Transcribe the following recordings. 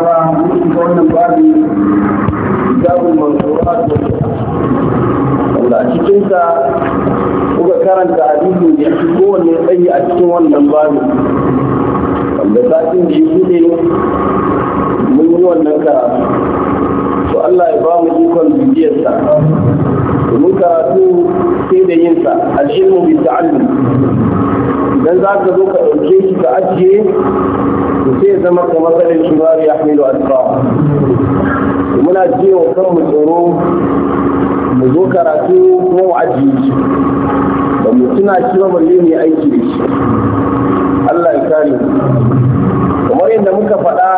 ba mun ga wannan babi kitabul wanda a cikin kuka karanta hadisi da yake kowanne tsayi a cikin wannan babi wanda satin da yake ne mun yi wannan karatu to Allah ya ba mu ikon bibiyar mun karatu sai da yinsa al'ilmu bi ta'allum idan za ka zo ka ɗauke shi ka ajiye to sai zama ka matsalin shugari ya hamilu asfa muna je wa kanmu tsoro mu zo karatu kuma mu ajiye shi ba mu tuna shi ba balle ne aiki da shi Allah ya kare kamar yadda muka faɗa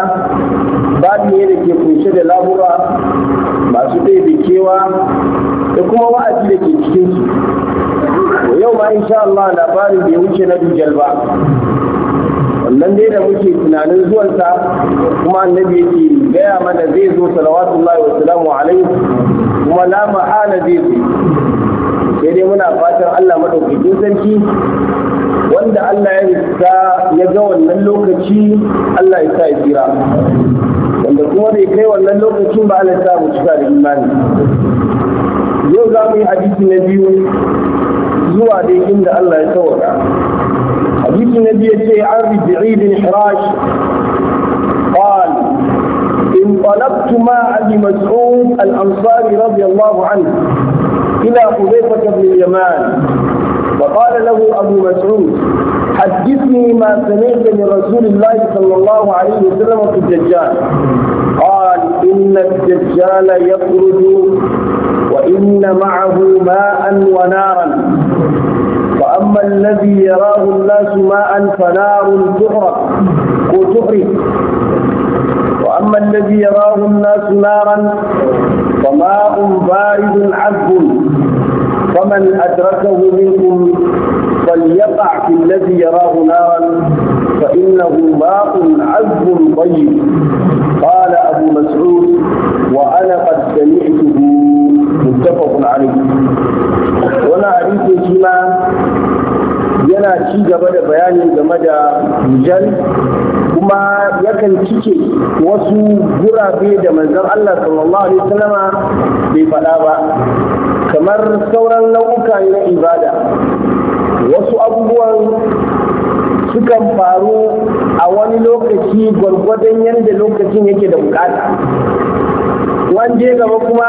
babu ne da ke kunshe da labura masu ɗaya kewa da kuma wa'azi da ke cikin cikinsu yau ma insha Allah labarin bai wuce na dujal ba wannan dai da muke tunanin zuwansa kuma annabi yake gaya mana zai zo salawatullahi wa salamu alaihi kuma la ma'ana zai zo sai dai muna fatan Allah madaukakin sarki wanda Allah ya ya ga wannan lokaci Allah ya sa ya jira wanda kuma bai kai wannan lokacin ba Allah ya sa mu cika da imani yau za mu yi hadisi na biyu zuwa dai inda Allah ya tsawara hadisi na biyu ce an riji'i bin hirash قال انطلقت مع ابي مسعود الانصاري رضي الله عنه الى حذيفه بن اليمان فقال له أبو مسعود حدثني ما سمعت من رسول الله صلى الله عليه وسلم في الدجال قال إن الدجال يخرج وإن معه ماء ونارا وأما الذي يراه الناس ماء فنار تحرق وتحرق وأما الذي يراه الناس نارا فماء بارد عذب فمن أدركه منكم فليقع في الذي يراه نارا فإنه ماء عذب طيب قال أبو مسعود وأنا قد سمعته متفق عليه ولا أريد فيما yana ci gaba da bayani game da dujal kuma yakan cike wasu gurabe da manzon Allah sallallahu alaihi wasallama bai faɗa ba kamar sauran nau'uka na ibada wasu abubuwan sukan faru a wani lokaci gwargwadon yadda lokacin yake da bukata wanje gaba kuma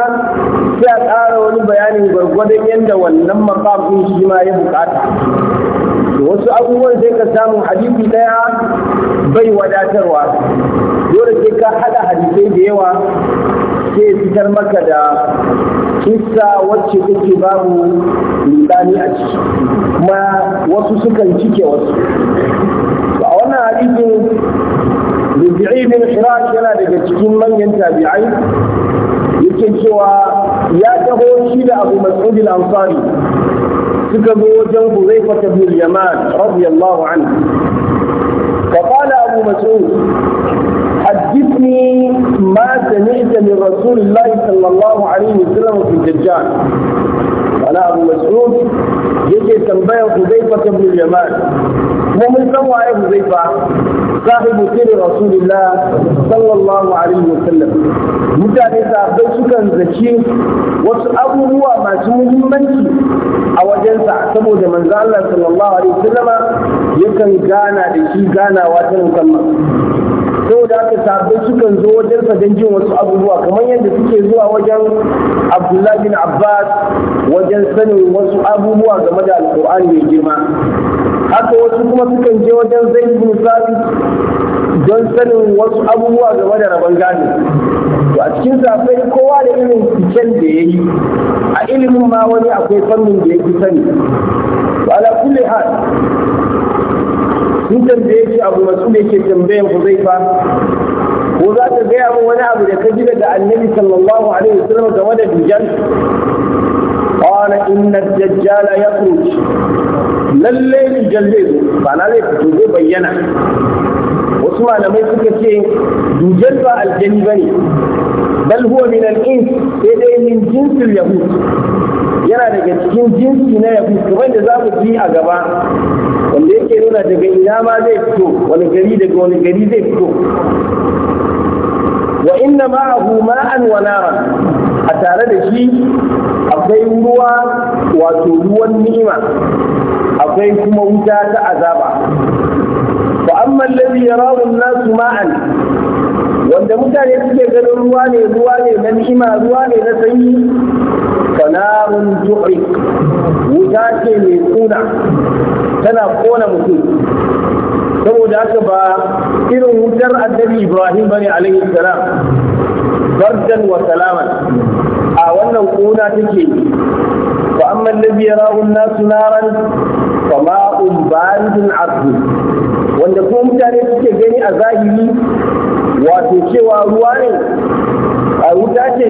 sai a ƙara wani bayanin gwargwadon yadda wannan mafafin shi ma ya bukata wasu abubuwan sai ka samu hadisi daya bai wadatarwa dole sai ka hada hadisai da yawa sai fitar maka da kissa wacce take babu misali a ciki kuma wasu sukan cike wasu a wannan hadisin Rubi'i bin Hirash yana daga cikin manyan tabi'ai yake cewa ya taho shi da Abu Mas'ud al-Ansari suka zo wajen zai fata bin yaman radiyallahu anhu fa qala abu mas'ud hadithni ma sami'ta min rasulillahi sallallahu alaihi wasallam fi dajjal qala abu mas'ud yake tambayar hudayfa ta bin yaman kuma mun san waye hudayfa sahibu sirri rasulillah sallallahu alaihi wasallam mutane sahabbai sukan zaci wasu abubuwa masu muhimmanci bayansa saboda manzo Allah sallallahu alaihi wasallama yakan gana da shi ganawa ta musamman saboda haka sabbin sukan zo wajen sa don jin wasu abubuwa kamar yadda suke zuwa wajen Abdullahi bin Abbas wajen sanin wasu abubuwa game da Alƙur'ani mai girma haka wasu kuma sukan je wajen Zaid bin Sabit don sanin wasu abubuwa game da rabon gani to a cikin zafai kowa da irin fiken da ya yi a ilimin ma wani akwai fannin da ya fi sani to ala kulli hal sun tambaye shi abu masu da yake tambayan fa? ko za ka gaya min wani abu da ka ji daga annabi sallallahu alaihi wasallam game da dijjal قال إن الدجال يخرج ba na zai لك تجيب bayyana. wasu malamai suka ce dujar ba aljani bane bal huwa min al-ins sai dai min jinsin yahud yana daga cikin jinsi na yahud kamar da za mu ji a gaba wanda yake nuna daga ina ma zai fito wani gari daga wani gari zai fito wa inna ma'ahu ma'an wa naran a tare da shi akwai ruwa wato ruwan ni'ima akwai kuma wuta ta azaba فأما الذي يراه الناس معا وأنت مثال يسكي قال رواني رواني من إما رواني نسعي فنار تحرك وتاكي ليكون تنا قونا مثل ثم ذاك با إنه مجر أدري إبراهيم عليه السلام بردا وسلاما أولا وقونا تكي فأما الذي يراه الناس نارا فماء بارد عبد wanda ko mutane suke gani a zahiri wato cewa ruwa ne a wuta ce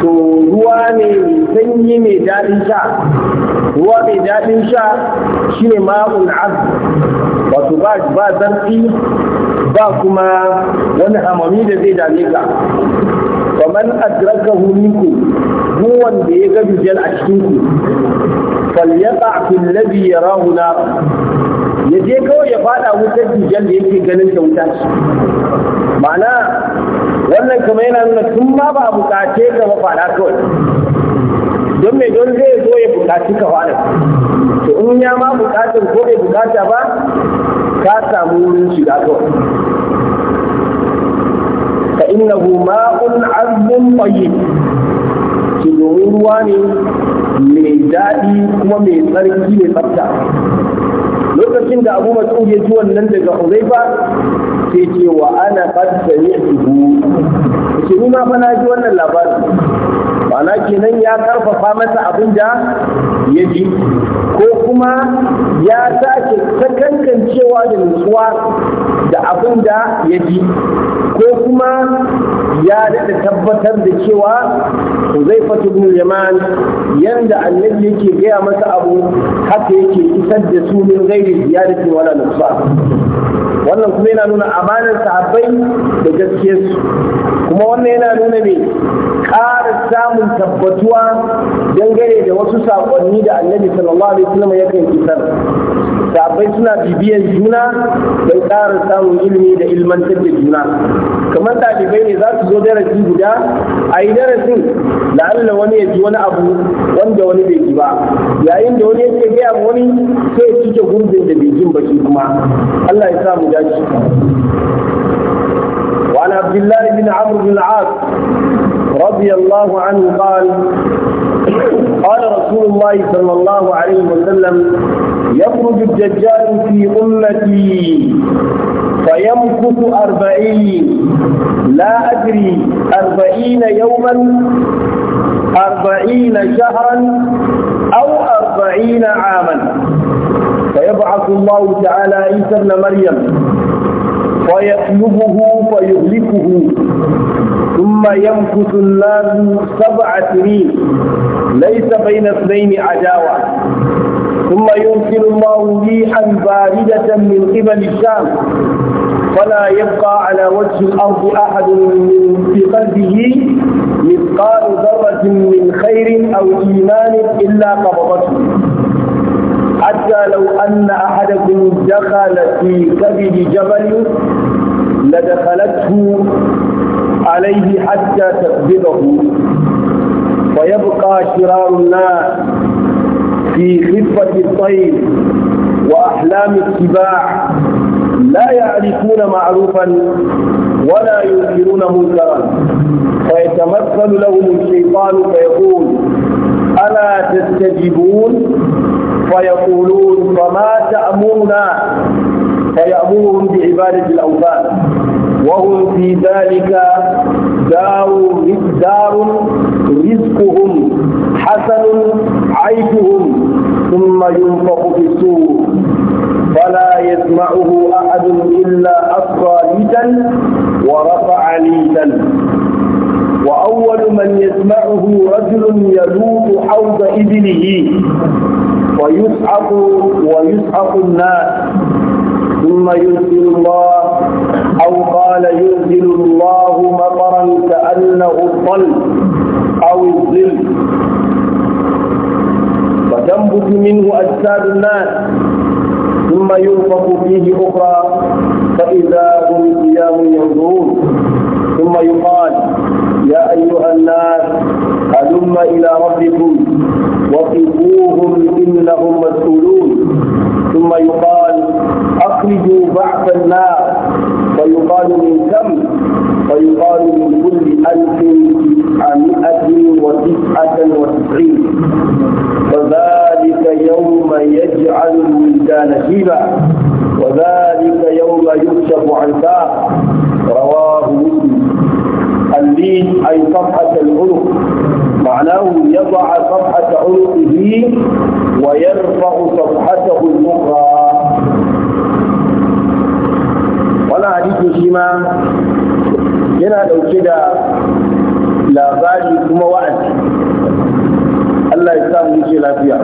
to ruwa ne mai sanyi mai daɗin sha ruwa mai daɗin sha shine ma'ul azu wato ba ba zarfi ba kuma wani amami da zai dame ka faman adrakahu hulinku, duk wanda ya ga bijal a cikin ku falyata fil ladhi yarahu ya je kawai ya fada wutar jijiyar da yake ganin ta wuta ce ma'ana wannan kamar yana nuna tun ma ba a bukace ka ba fada kawai don mai don zai zo ya bukaci ka fada to in ya ma bukatar ko bai bukata ba ka samu wurin shiga kawai Ka fa goma ma'un azbun tayyib ki domin ruwa ne mai daɗi kuma mai tsarki mai tsafta lokacin da abu mas'ud ya ji wannan daga huzaifa sai ce wa ana yi sami'tuhu ce ni ma fa na ji wannan labarin ma'ana kenan ya karfafa masa abin da ya ji ko kuma ya sake sakankancewa da nutsuwa da abin da ya ji ko kuma ya daɗa tabbatar da cewa Huzaifa ibn Yaman yanda annabi yake gaya masa abu haka yake isar da su min gairi ziyarati wala nuqsan wannan kuma yana nuna amanar sahabbai da gaskiyarsu kuma wannan yana nuna ne ƙara samun tabbatuwa dangane da wasu saƙonni da annabi sallallahu alaihi wasallam yakan isar sahabbai suna bibiyan juna don ƙara samun ilimi da ilmantar da juna kamar ɗalibai ne za su zo darasi guda a yi darasin la'alla wani ya ji wani abu wanda wani bai ji ba yayin da wani yake gaya ma wani sai ya cike gurbin da bai jin ba shi kuma Allah ya sa mu dace wa عبد الله بن amr bin al As radiyallahu anhu qala رسول الله صلى الله عليه وسلم يخرج الدجال في أمتي فيمكث أربعين لا أدري أربعين يوما أربعين شهرا أو أربعين عاما فيبعث الله تعالى عيسى ابن مريم فيطلبه فيهلكه ثم يمكث الناس سبع سنين ليس بين اثنين عداوة ثم يرسل الله ريحا باردة من قبل الشام فلا يبقى على وجه الأرض أحد من في قلبه مثقال ذرة من خير أو إيمان إلا قبضته حتى لو أن أحدكم دخل في كبد جبل لدخلته عليه حتى تقبضه فيبقى شرار الناس في خفة الطير وأحلام السباع لا يعرفون معروفا ولا ينكرون منكرا فيتمثل لهم الشيطان فيقول ألا تستجيبون فيقولون فما تأمرنا فيأمرهم بعبادة الأوثان وهم في ذلك دار دار رزقهم حسن عيشهم ثم ينفق في السور فلا يسمعه أحد إلا أصغى ليتا ورفع ليتا وأول من يسمعه رجل يلوط حوض ابنه ويسحق ويسحق الناس ثم ينزل الله أو قال ينزل الله مطرا كأنه الطل أو الظل فتنبت منه أجساد الناس ثم ينفق فيه أخرى فإذا هم قيام ينظرون ثم يقال يا أيها الناس هلم إلى ربكم وقفوهم إنهم مسؤولون ثم يقال أخرجوا بعث الناس فيقال من كم فيقال من كل ألف عمئة وتسعة وتسعين فذلك يوم يجعل الولدان شيبا وذلك يوم يكشف عن ساق رواه مسلم الليل أي صفحة العنق معناه يضع صفحة عنقه ويرفع صفحته الأخرى ولا حديث شما هنا لو كده لا بالي كما وعد الله يسامحك لي لا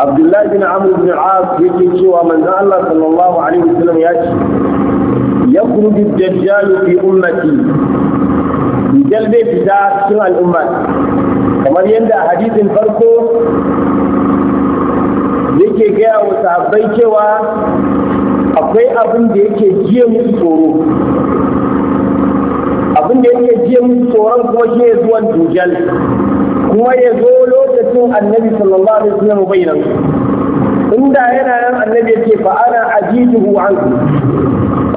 عبد الله بن عمرو بن عاص يجي شو من الله صلى الله عليه وسلم يجي يخرج الدجال في أمتي دجال بي فتا سوى الأمة كما يندى حديث الفرقو yake gaya wa sahabbai cewa akwai abin da yake jiya musu tsoro abin da yake jiya musu tsoron kuma shi zuwan dujal kuma ya zo lokacin annabi sallallahu alaihi wasallam bayyana inda yana nan annabi ya ce fa ana ajiduhu anhu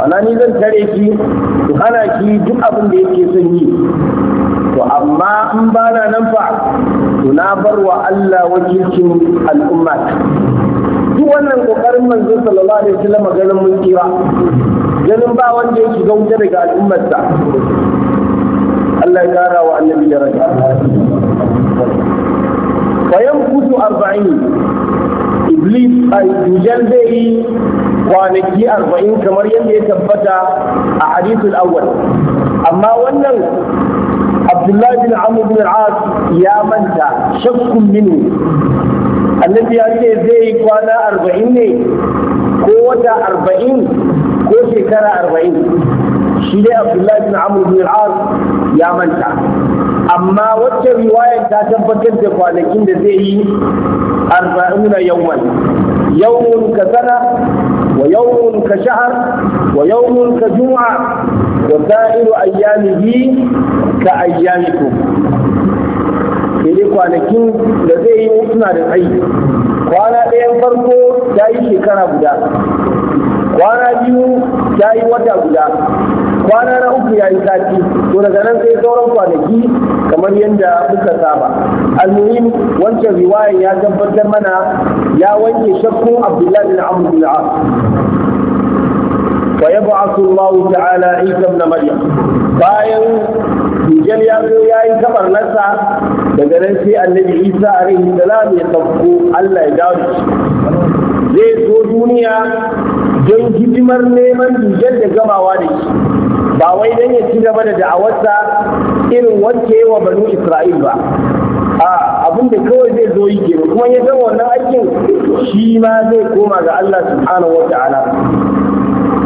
ana ni zan tare ki ku hana ki duk abin da yake son yi to amma in ba na nan fa to na bar wa Allah wakilcin al'umma duk wannan kokarin manzo sallallahu alaihi wasallam ganin mun kira ganin ba wanda ya shiga wuta daga al'ummarsa Allah ya kara wa annabi daraja fa yankutu 40 iblis a dujan zai yi kwanaki arba'in kamar yadda ya tabbata a hadisul awwal amma wannan abdullahi bin amr bin al ya manta shakkun minhu annabi ya ce zai yi kwana arba'in ne ko wata arba'in ko shekara arba'in shi ne abdullahi bin amr bin al ya manta amma wacce riwayar ta tabbatar da kwanakin da zai yi arba'ina yawman yawmun ka sana wa yawmun ka shahar wa yawmun ka juma'a wa sa'iru ayyamihi ka ayyamikum sai kwanakin da zai yi suna da tsayi kwana ɗayan farko ta yi shekara guda kwana biyu ya yi wata guda kwana na uku ya yi sati to daga nan sai sauran kwanaki kamar yadda muka saba almuhim wancan riwayan ya tabbatar mana ya wanke shakku abdullahi bin amr bin al fa yab'athu Allah ta'ala Isa ibn Maryam bayan Dijal ya zo ya yi kabarnarsa daga nan sai annabi Isa alaihi salam ya sauko Allah ya dawo shi zai zo duniya don hidimar neman dujen da gamawa da shi ba wai don ya ci gaba da da'awarsa irin wacce wa banu isra'il ba a abin da kawai zai zo yi kenan kuma ya zama wannan aikin shi ma zai koma ga Allah subhanahu wa ta'ala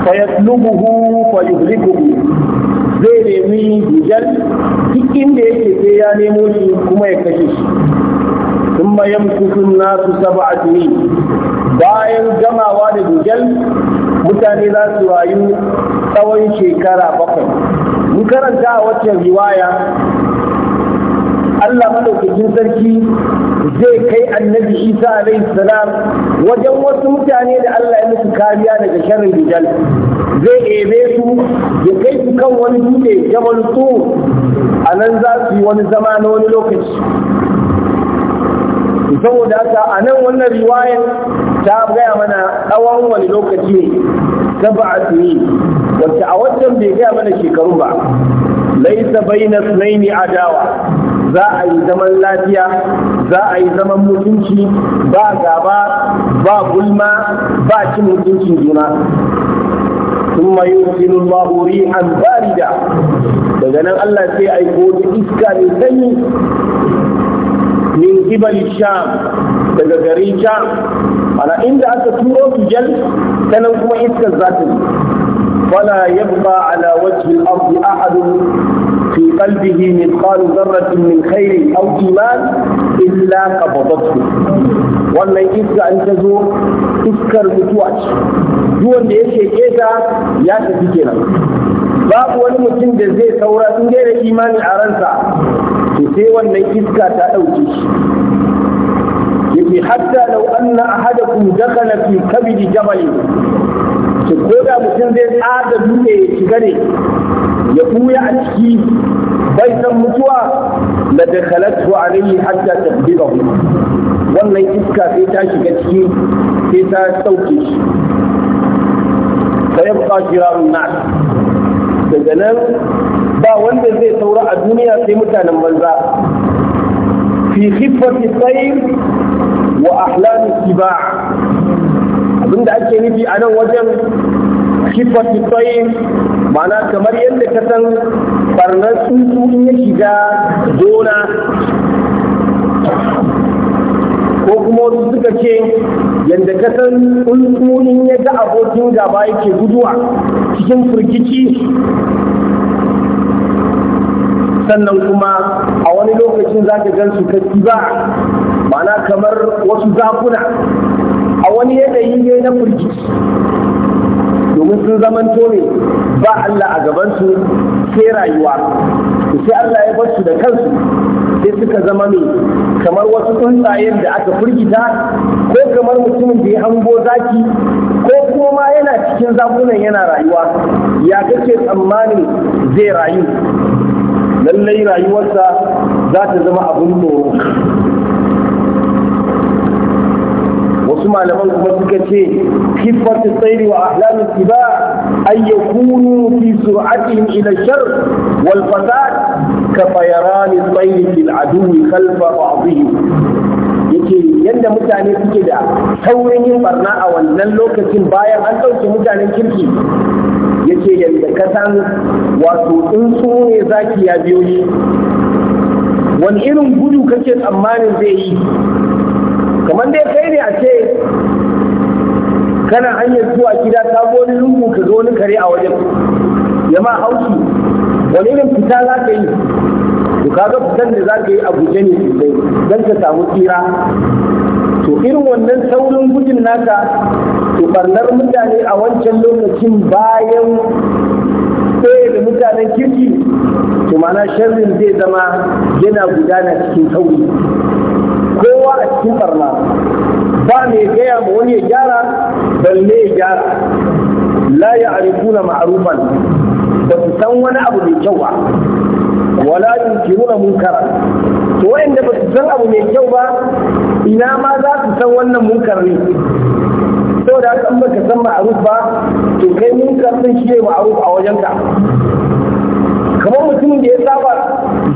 fa yatlubuhu fa yuhlikuhu zai nemi dujen duk inda yake sai ya nemo shi kuma ya kashe shi yawma yamkutu nasu sab'a bayan gamawa da dujal mutane za su rayu tsawon shekara bakwai mun karanta a wancan riwaya Allah madaukakin sarki zai kai annabi Isa alaihi salam wajen wasu mutane da Allah ya musu kariya daga sharrin rijal zai ebe su ya kai su kan wani dutse jamal tur a nan za su yi wani zama na wani lokaci saboda haka a nan wannan riwayar ta gaya mana tsawon wani lokaci ne saba'a tuni, wacce a wancan bai gaya mana shekaru ba laisa baina sunaini adawa za a yi zaman lafiya za a yi zaman mutunci ba gaba ba gulma ba cin mutuncin juna ثم يرسل الله ريحا da. daga nan Allah sai aiko da iska mai sanyi min qibal sham daga garin sham ana inda aka turo su jal sanan kuma iskar za ta fala yabqa ala wajhi al-ard ahad fi qalbihi mithqal dharratin min khairin aw iman illa qabadatuhu wannan iska in ta zo iskar mutuwa ce duk wanda ya sheke ta ya tafi kenan babu wani mutum da zai saura in dai imani a ransa to sai wannan iska ta ɗauke shi yake hatta lau anna ahadakum dakala fi kabidi jabalin ko da mutum zai tsada dutse ya shiga ne ya buya a ciki bai san mutuwa la dakhalatu alayhi hatta tadbibahu wannan iska sai ta shiga ciki sai ta sauke shi sai ba shirarun nas daga nan ba wanda zai saura a duniya sai mutanen banza fi khiffati sayr wa ahlami tibaa abinda ake nufi a nan wajen khiffati sayr mana kamar yadda ka san barnar tsuntsu in ya shiga gona ko kuma wasu suka ce yadda ka san tsuntsu in ya ga abokin gaba yake guduwa cikin firgici sannan kuma a wani lokacin za ka gan su ba mana kamar wasu zakuna a wani yanayi ne na firgici su sun zaman ne ba Allah a gabansu sai rayuwa sai Allah ya barsu da kansu sai suka zama ne kamar wasu tsuntsayen da aka firgita ko kamar mutumin da ya hango zaki ko kuma yana cikin zakunan yana rayuwa ya kake tsammanin zai rayu lallai rayuwarsa za ta zama abin tsoro wasu malaman kuma suka ce kiffatu tsairi wa ahlamin tiba an yakunu fi sur'atihim ila shar wal fasad ka fayarani tsairi fil aduwi khalfa ba'dihim Yace yadda mutane suke da saurin yin barna a wannan lokacin bayan an ɗauke mutanen kirki Yace yadda ka san wato tsuntsu ne zaki ya biyo shi wani irin gudu kake tsammanin zai yi kamar dai kai ne a ce kana hanyar zuwa gida ta wani lungu ka zo wani kare a wajen ya ma haushi wani irin fita za ka yi to ga fitan da za ka yi a guje ne sosai don ka samu tsira to irin wannan saurin gudun naka to barnar mutane a wancan lokacin bayan tsaye da mutanen kirki to mana sharrin zai zama yana gudana cikin sauri kowa a cikin barna ba mai gaya ma wani ya gyara balle ya gyara la ya arifuna ma'arufan ba su san wani abu mai kyau ba wala yunkiruna munkara to wayanda ba su san abu mai kyau ba ina ma za su san wannan munkar ne saboda haka in baka san ma'aruf ba to kai munkar sun shi ma'aruf a wajenka kamar mutumin da ya saba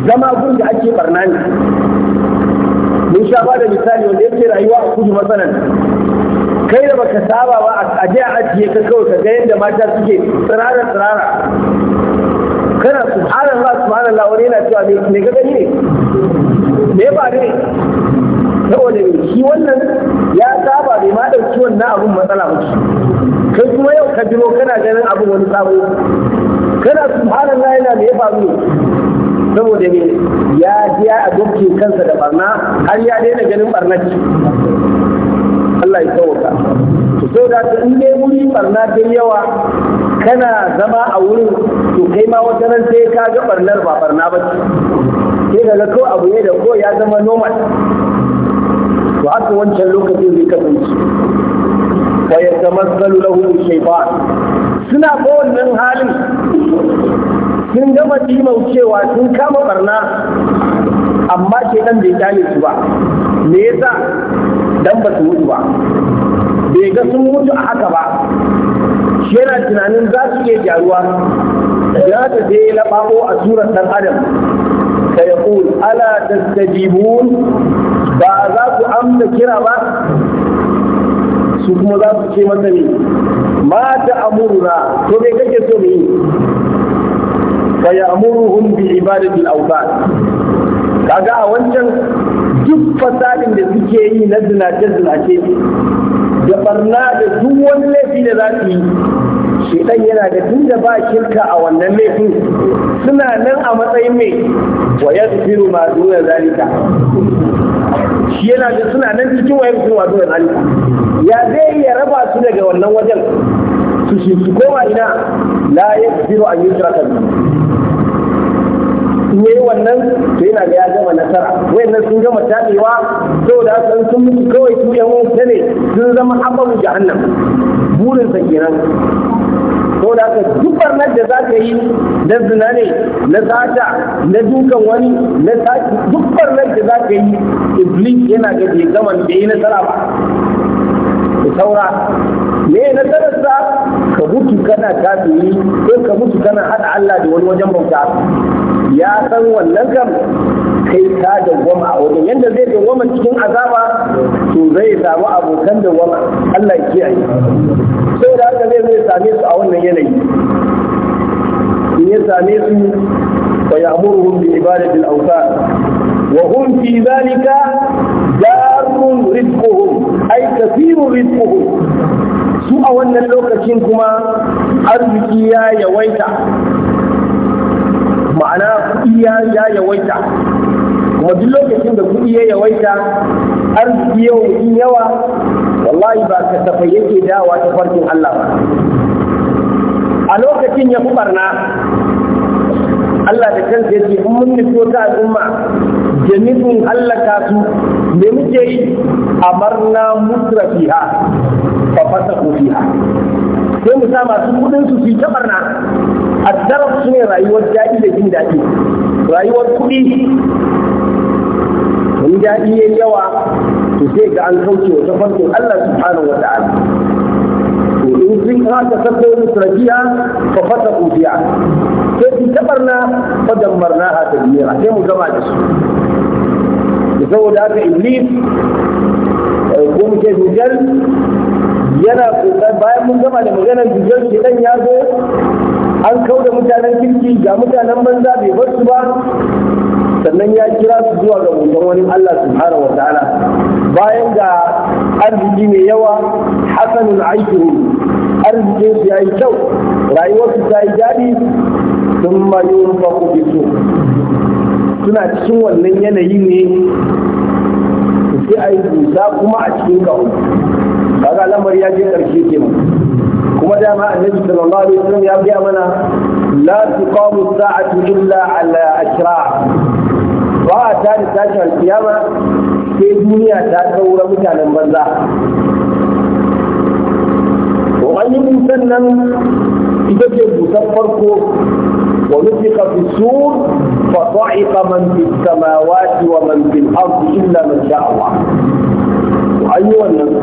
zama gun da ake barna ne mun sha ba da misali wanda yake rayuwa a kudu matsalan kai da baka saba ba a je a ajiye ka kawai ka ga yadda mata suke tsirara tsirara kana subhanallah subhanallah wani yana cewa me ga gani ne me ba ne saboda shi wannan ya saba bai ma dauki wannan abun matsala ba kai kuma yau ka jiro kana ganin abun wani sabo kana subhanallah yana me ya faru saboda ne ya ji a dukkan kansa da barna har ya daina ganin barnaci Allah ya sauka to so da in dai wuri barna ta yawa kana zama a wurin to kai ma wata ran sai ka ga barnar ba barna ba ce sai ga ko abu ne da ko ya zama normal to haka wancan lokacin zai kasance fa yatamassalu lahu shaytan suna ko wannan halin sun gama cewa sun kama barna amma ke dan bai kyale su ba me yasa dan ba su mutu ba bai ga sun mutu a haka ba shi yana tunanin za su iya gyaruwa ya ta je laɓaɓo a surar ɗan adam ka ya ala tastajibun ba za ku amsa kira ba su kuma za su ce masa ne ma ta amuruna to bai kake so mu yi wa bi ibadati al awtan kaga a wancan duk fasadin da suke yi na zinace zinace da barna da duk wani laifi da za su yi shedan yana da tun da ba shirka a wannan laifin suna nan a matsayin mai wa yasfiru ma duna zalika shi yana da suna nan cikin wayar kuma duna zalika ya zai iya raba su daga wannan wajen su shi su koma ina la yasfiru an yushraka bihi wannan to yana da ya gama nasara wayannan sun gama tabewa saboda haka sun mutu kawai su yan wuta ne sun zama abun jahannam burin sa kenan saboda haka duk barnar da za ka yi na zina ne na sata na dukan wani na sati duk barnar da za ka yi iblis yana ga bai gama bai yi nasara ba ku saura me nasararsa ka mutu kana kafiri ko ka mutu kana hada Allah da wani wajen bauta ya san wannan kam kai ka dawwama a wajen yadda zai dawwama cikin azaba to zai samu abokan dawwama Allah ya kiyaye saboda haka zai zai same su a wannan yanayi in ya same su fa ya'muruhum bi ibadati al-awthan wa hum fi dhalika darun rizquhum ay kathirun rizquhum su a wannan lokacin kuma arziki ya yawaita ma'ana kuɗi ya yawaita kuma duk lokacin da kuɗi ya yawaita arziki yau mutum yawa wallahi ba kasafai yake dawa ta farkin Allah ba a lokacin ya fi barna Allah da kansa yake in mun nufo ta al'umma jami'in hallaka su me muke yi amarna musrafiha fa fasaku fiha sai mu sa masu kudin su su ta barna addarar su ne rayuwar daɗi da jin daɗi rayuwar kuɗi in daɗi ya yawa to sai ga an kauce wa tafarkin Allah subhanahu wa ta'ala to in sun haka sabbai mutrajiya fa fata kufiya sai su tabarna fa dammarna ha tadmira sai mu gama da su saboda haka iblis ko muke dujal yana bayan mun gama da maganar dujal ke dan ya zo an kau da mutanen kirki ga mutanen banza bai bar su ba sannan ya kira su zuwa ga bautan wani Allah subhanahu wa ta'ala bayan ga arziki mai yawa hasanul aiki arzikin su yayi kyau rayuwarsu ta yi daɗi sun mayun fako bisu suna cikin wannan yanayi ne sai a yi dusa kuma a cikin kawo kaga lamar ya je ƙarshe kenan kuma dama annabi sallallahu alaihi wasallam ya gaya mana la tuqamu sa'atu illa ala ashra ba a tare tashin alkiyama sai duniya ta saura mutanen banza to an yi busan nan ita ce busan farko wa nufiqa fi sur fa sa'iqa man fi samawati wa man fil ardi illa man sha Allah to an yi wannan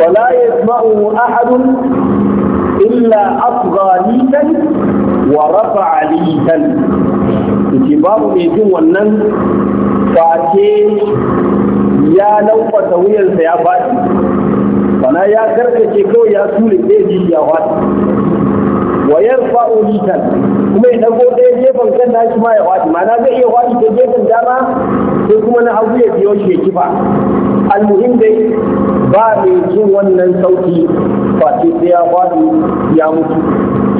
ولا يسمعه أحد إلا أصغى ليتا ورفع ليتا اتباب ميجون ونن فأتي يا لو فتويل سيابات فأنا يا كركة كو يا سولي بيجي يا واتي Wayar yarfa'u litan kuma ya dago ɗaya gefen kan nashi ma ya wadi ma'ana zai iya wadi ta gefen dama sai kuma na hagu ya biyo shi ya kifa almuhim dai ba mai jin wannan sauti face sai ya wadi ya mutu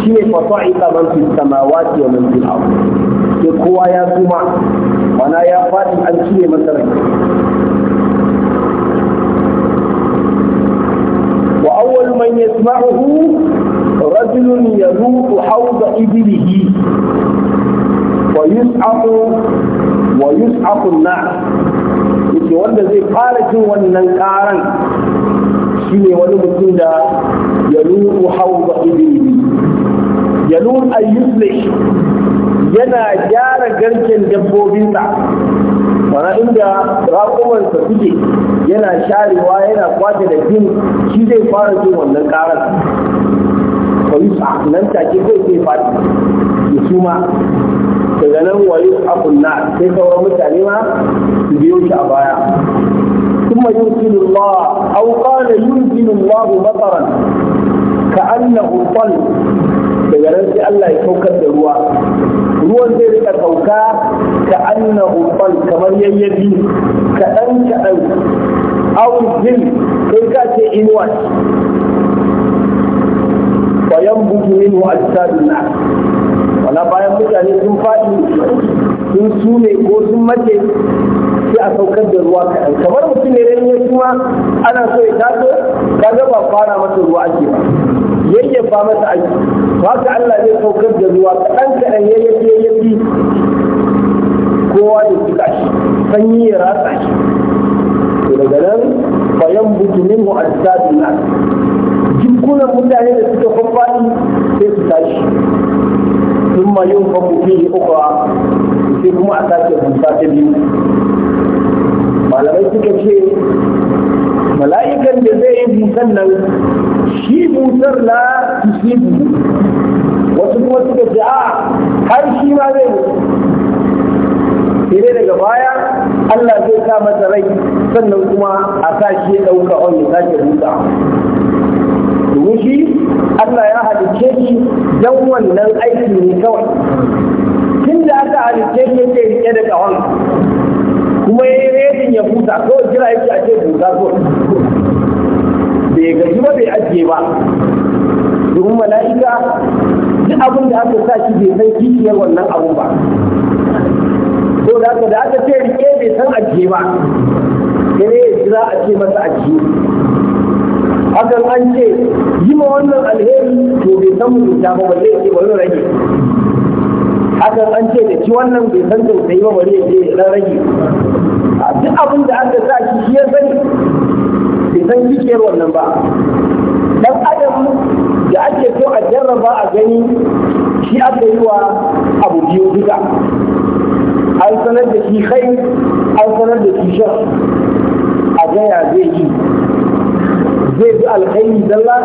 shi ne fasa'iqa man fi samawati wa man fil ardh sai kowa ya suma mana ya faɗi an cire masa rai wa awwal man yasma'uhu رجل يذوق حوض إبله ويسعق ويسعق wanda zai fara jin wannan karan shine wani mutum da ya nuru hauza ibili ya nuru ayyuslish yana gyara garken dabbobinsa mana inda raƙumansa suke yana sharewa yana kwace da bin, shi zai fara jin wannan karan ويسعق لن faɗi زي su ma. daga nan wayu a kunna, sai sauran mutane ma su biyo shi a baya kuma yurkilu Allah aw qala yurkilu Allah mataran ka annahu tal daga nan Allah ya saukar da ruwa ruwan zai rika sauka ka annahu tal kamar yayyabi kaɗan kaɗan kai ka ce inuwa فينبت منه اجساد الناس وانا بايان مجاني سن فادي سن سوني كو سن مجي في اسوكر دروا كان كمان مسلم يرني سوا انا سو يتاك كذا با فارا مت روا اجي با يجي با مت اجي فاك الله يجي سوكر دروا كان كان يجي يجي يجي كو اجي سكاش سنيي راساش daga nan fayan butumin mu a jisadin nan jikunan mutane da su faɗi sai su tashi sun ma yin fa fihi ukra sai kuma a sake busa ta biyu malamai suka ce mala'ikan da zai yi busan nan shi busar na tusibu wasu kuma suka ce a har shi ma zai sai daga baya Allah zai sa masa rai sannan kuma a sa shi ya ɗauka on ya sake busa domin Allah ya halicce shi don wannan aiki ne kawai tun da aka halicce shi yake rike da kahon kuma ya yi rejin ya huta kawai jira yake a ce buta so bai gaji ba bai ajiye ba domin mala'ika duk abin da aka sa shi bai san kikiyar wannan abu ba So da aka da aka ce rike bai san ajiye ba Kare ya jira a ce masa ajiye hakan an ce yi ma wannan alheri to bai san ta ba balle ya wani rage hakan an ce da ci wannan bai san tausayi ba wani ya da rage duk abin da aka sa shi shi ya sani bai san kikiyar wannan ba dan adam da ake so a jarraba a gani shi aka yi wa abu biyu duka an sanar da shi kai an sanar da shi shan a gaya zai yi zai fi alkhairi zalla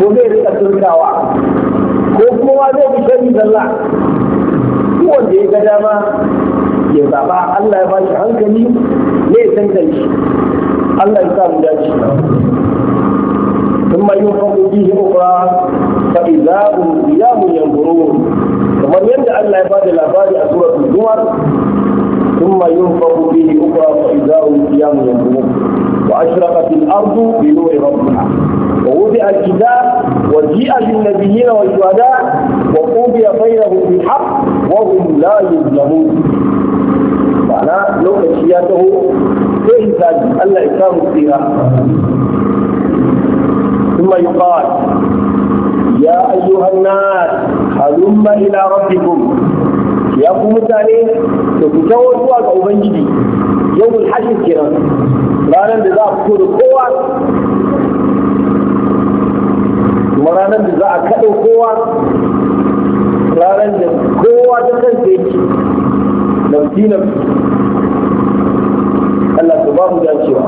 ko zai rika turkawa ko kuma zai fi shari zalla duk wanda ya ga dama ya zaba Allah ya bashi hankali ne ya tantance Allah ya sa mu dace ثم ينفق فيه أخرى فإذا هم قيام ينظرون kamar yadda Allah ya bada labari a suratul Zumar ثم ينفق فيه أخرى فإذا هم قيام ينظرون وأشرقت الأرض بنور ربها ووضع الكتاب وجيء بالنبيين والشهداء وقضي بينهم بالحق وهم لا يظلمون معناه لو أشياته كيف ألا إسلام فيها ثم يقال يا أيها الناس هلم إلى ربكم يا قوم تاني تكتوى سواك أو بنجدي يوم الحج الكرام مرانا بزاعة كل قوة مرانا بزاعة كل قوة مرانا بزاعة قوة جسد نفسي نفسي الله سبحانه جاءت شوى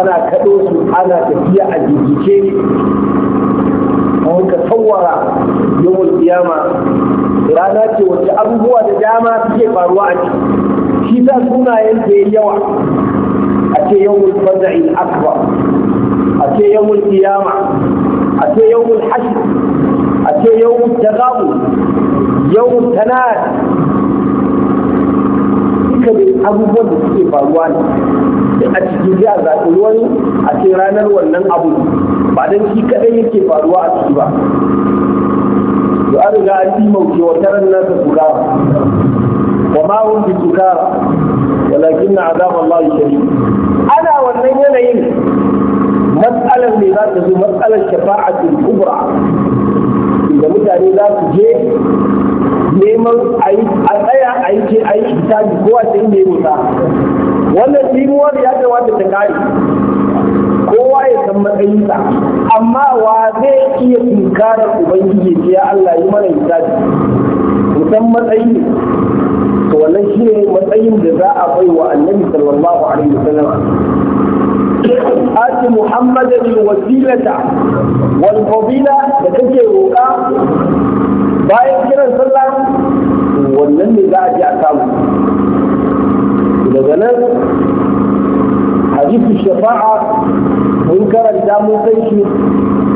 أنا كدوس أنا كفية الجيجيكي هو تصور يوم القيامة rana ce wacce abubuwa da dama suke faruwa a ciki shi sa sunayen da ya yawa a ce yawmul in akbar a ce yawmul qiyama a ce yawmul hashr a ce yawmul tagabu yawmul tanad duka da abubuwan da suke faruwa ne a cikin ya zaɓi wani a ce ranar wannan abu ba don shi kaɗai yake faruwa a ciki ba an riga an yi mauke wa taran nasa sukara wa ma hum bi sukara walakin na azab Allah shari ana wannan yanayin matsalar ne za ta zo matsalar shafa'atul kubra da mutane za su je neman a tsaya a yi ce a yi itaji kowa sai ne musa wannan timuwar ya kamata ta kare kowa ya san matsayinsa amma wa zai iya tunkarar ubangiji ce ya Allah yi mana hisabi musan matsayi ne. to wannan shi ne matsayin da za a bai wa annabi sallallahu alaihi wasallam آت محمد الوسيلة والفضيلة لكي يوقع bayan kiran sallah wannan ne za a ji a samu daga nan حديث الشفاعة من كان دام كيشي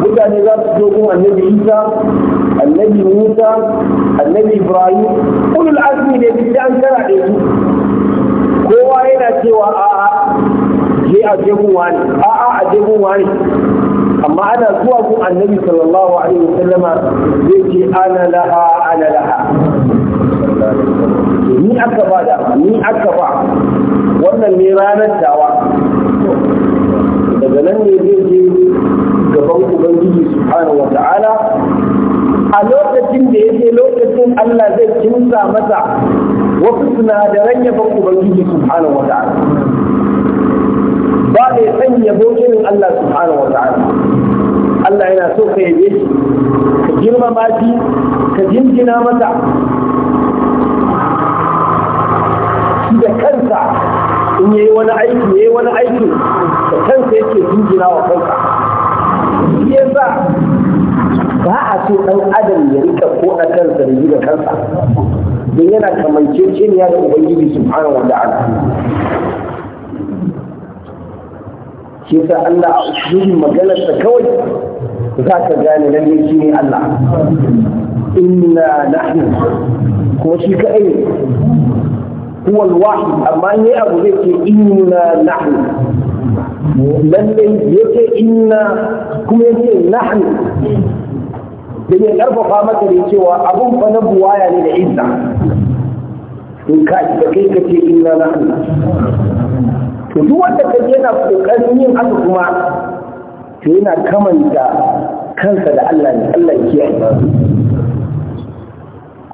mutane za su zo gun annabi isa annabi musa annabi ibrahim ulul azmi ne duk an kara da su kowa yana cewa a'a je a je gun wani a'a a je gun wani amma ana zuwa gun annabi sallallahu alaihi wasallama zai ce ana laha ana laha ni aka ba da ni aka ba wannan ne ranar dawa daga nan ne zai je gaban ubangiji subhanahu wa ta'ala a lokacin da yake lokacin Allah zai kinsa masa wasu sinadaran yaban ubangiji subhanahu wa ta'ala ba mai san yabo irin Allah subhanahu wa ta'ala Allah yana so ka yabe shi ka girmama shi ka jinjina masa shi da kansa in yayi wani aiki yayi wani aiki da kansa yake jinjina wa kansa shi yasa ba a so ɗan adam ya rika ko a kansa da yi da kansa don yana kamanceceniya da ubangiji subhanahu wa ta'ala shi yasa Allah a yin maganarsa kawai za ka gane lalle shi ne Allah inna nahnu kuma shi kaɗai ne huwa al-wahid amma ne abu zai ce inna nahnu lallai yace inna kuma yace nahnu dan ya karfafa maka da cewa abun fa na buwaya ne da izza in ka da kai kace inna nahnu to duk wanda kaje yana kokarin yin haka kuma to yana kamanta kansa da Allah ne Allah ya kiyaye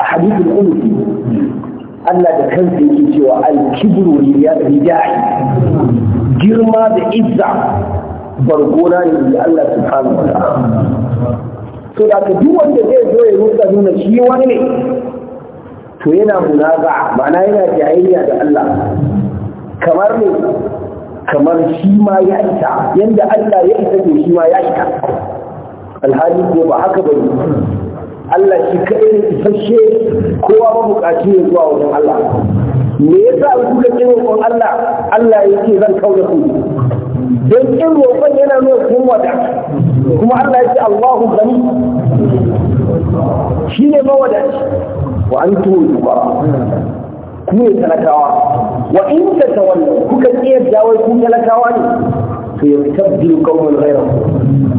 a hadithul qudsi Allah da kansa yake cewa al-kibru riya'i girma da izza bargona ne da Allah subhanahu wa ta'ala to da ka duk wanda zai zo ya rusa nuna shi wani ne to yana munaza ma'ana yana jayayya da Allah kamar ne kamar shi ma ya isa yanda Allah ya isa to shi ma ya isa alhali ko ba haka ne. Allah shi kaɗai ne isasshe kowa ba buƙaci ne zuwa wajen Allah me yasa in kuka ƙin roƙon Allah Allah ya ce zan kauda ku don ƙin roƙon yana nuna kun wada kuma Allah ya ce Allahu gani shi ne mawadaci wa an tuwo dubara ku ne talakawa wa in ta tawallu kuka ƙiyar jawai kun talakawa ne فيستبدل قوم غيرهم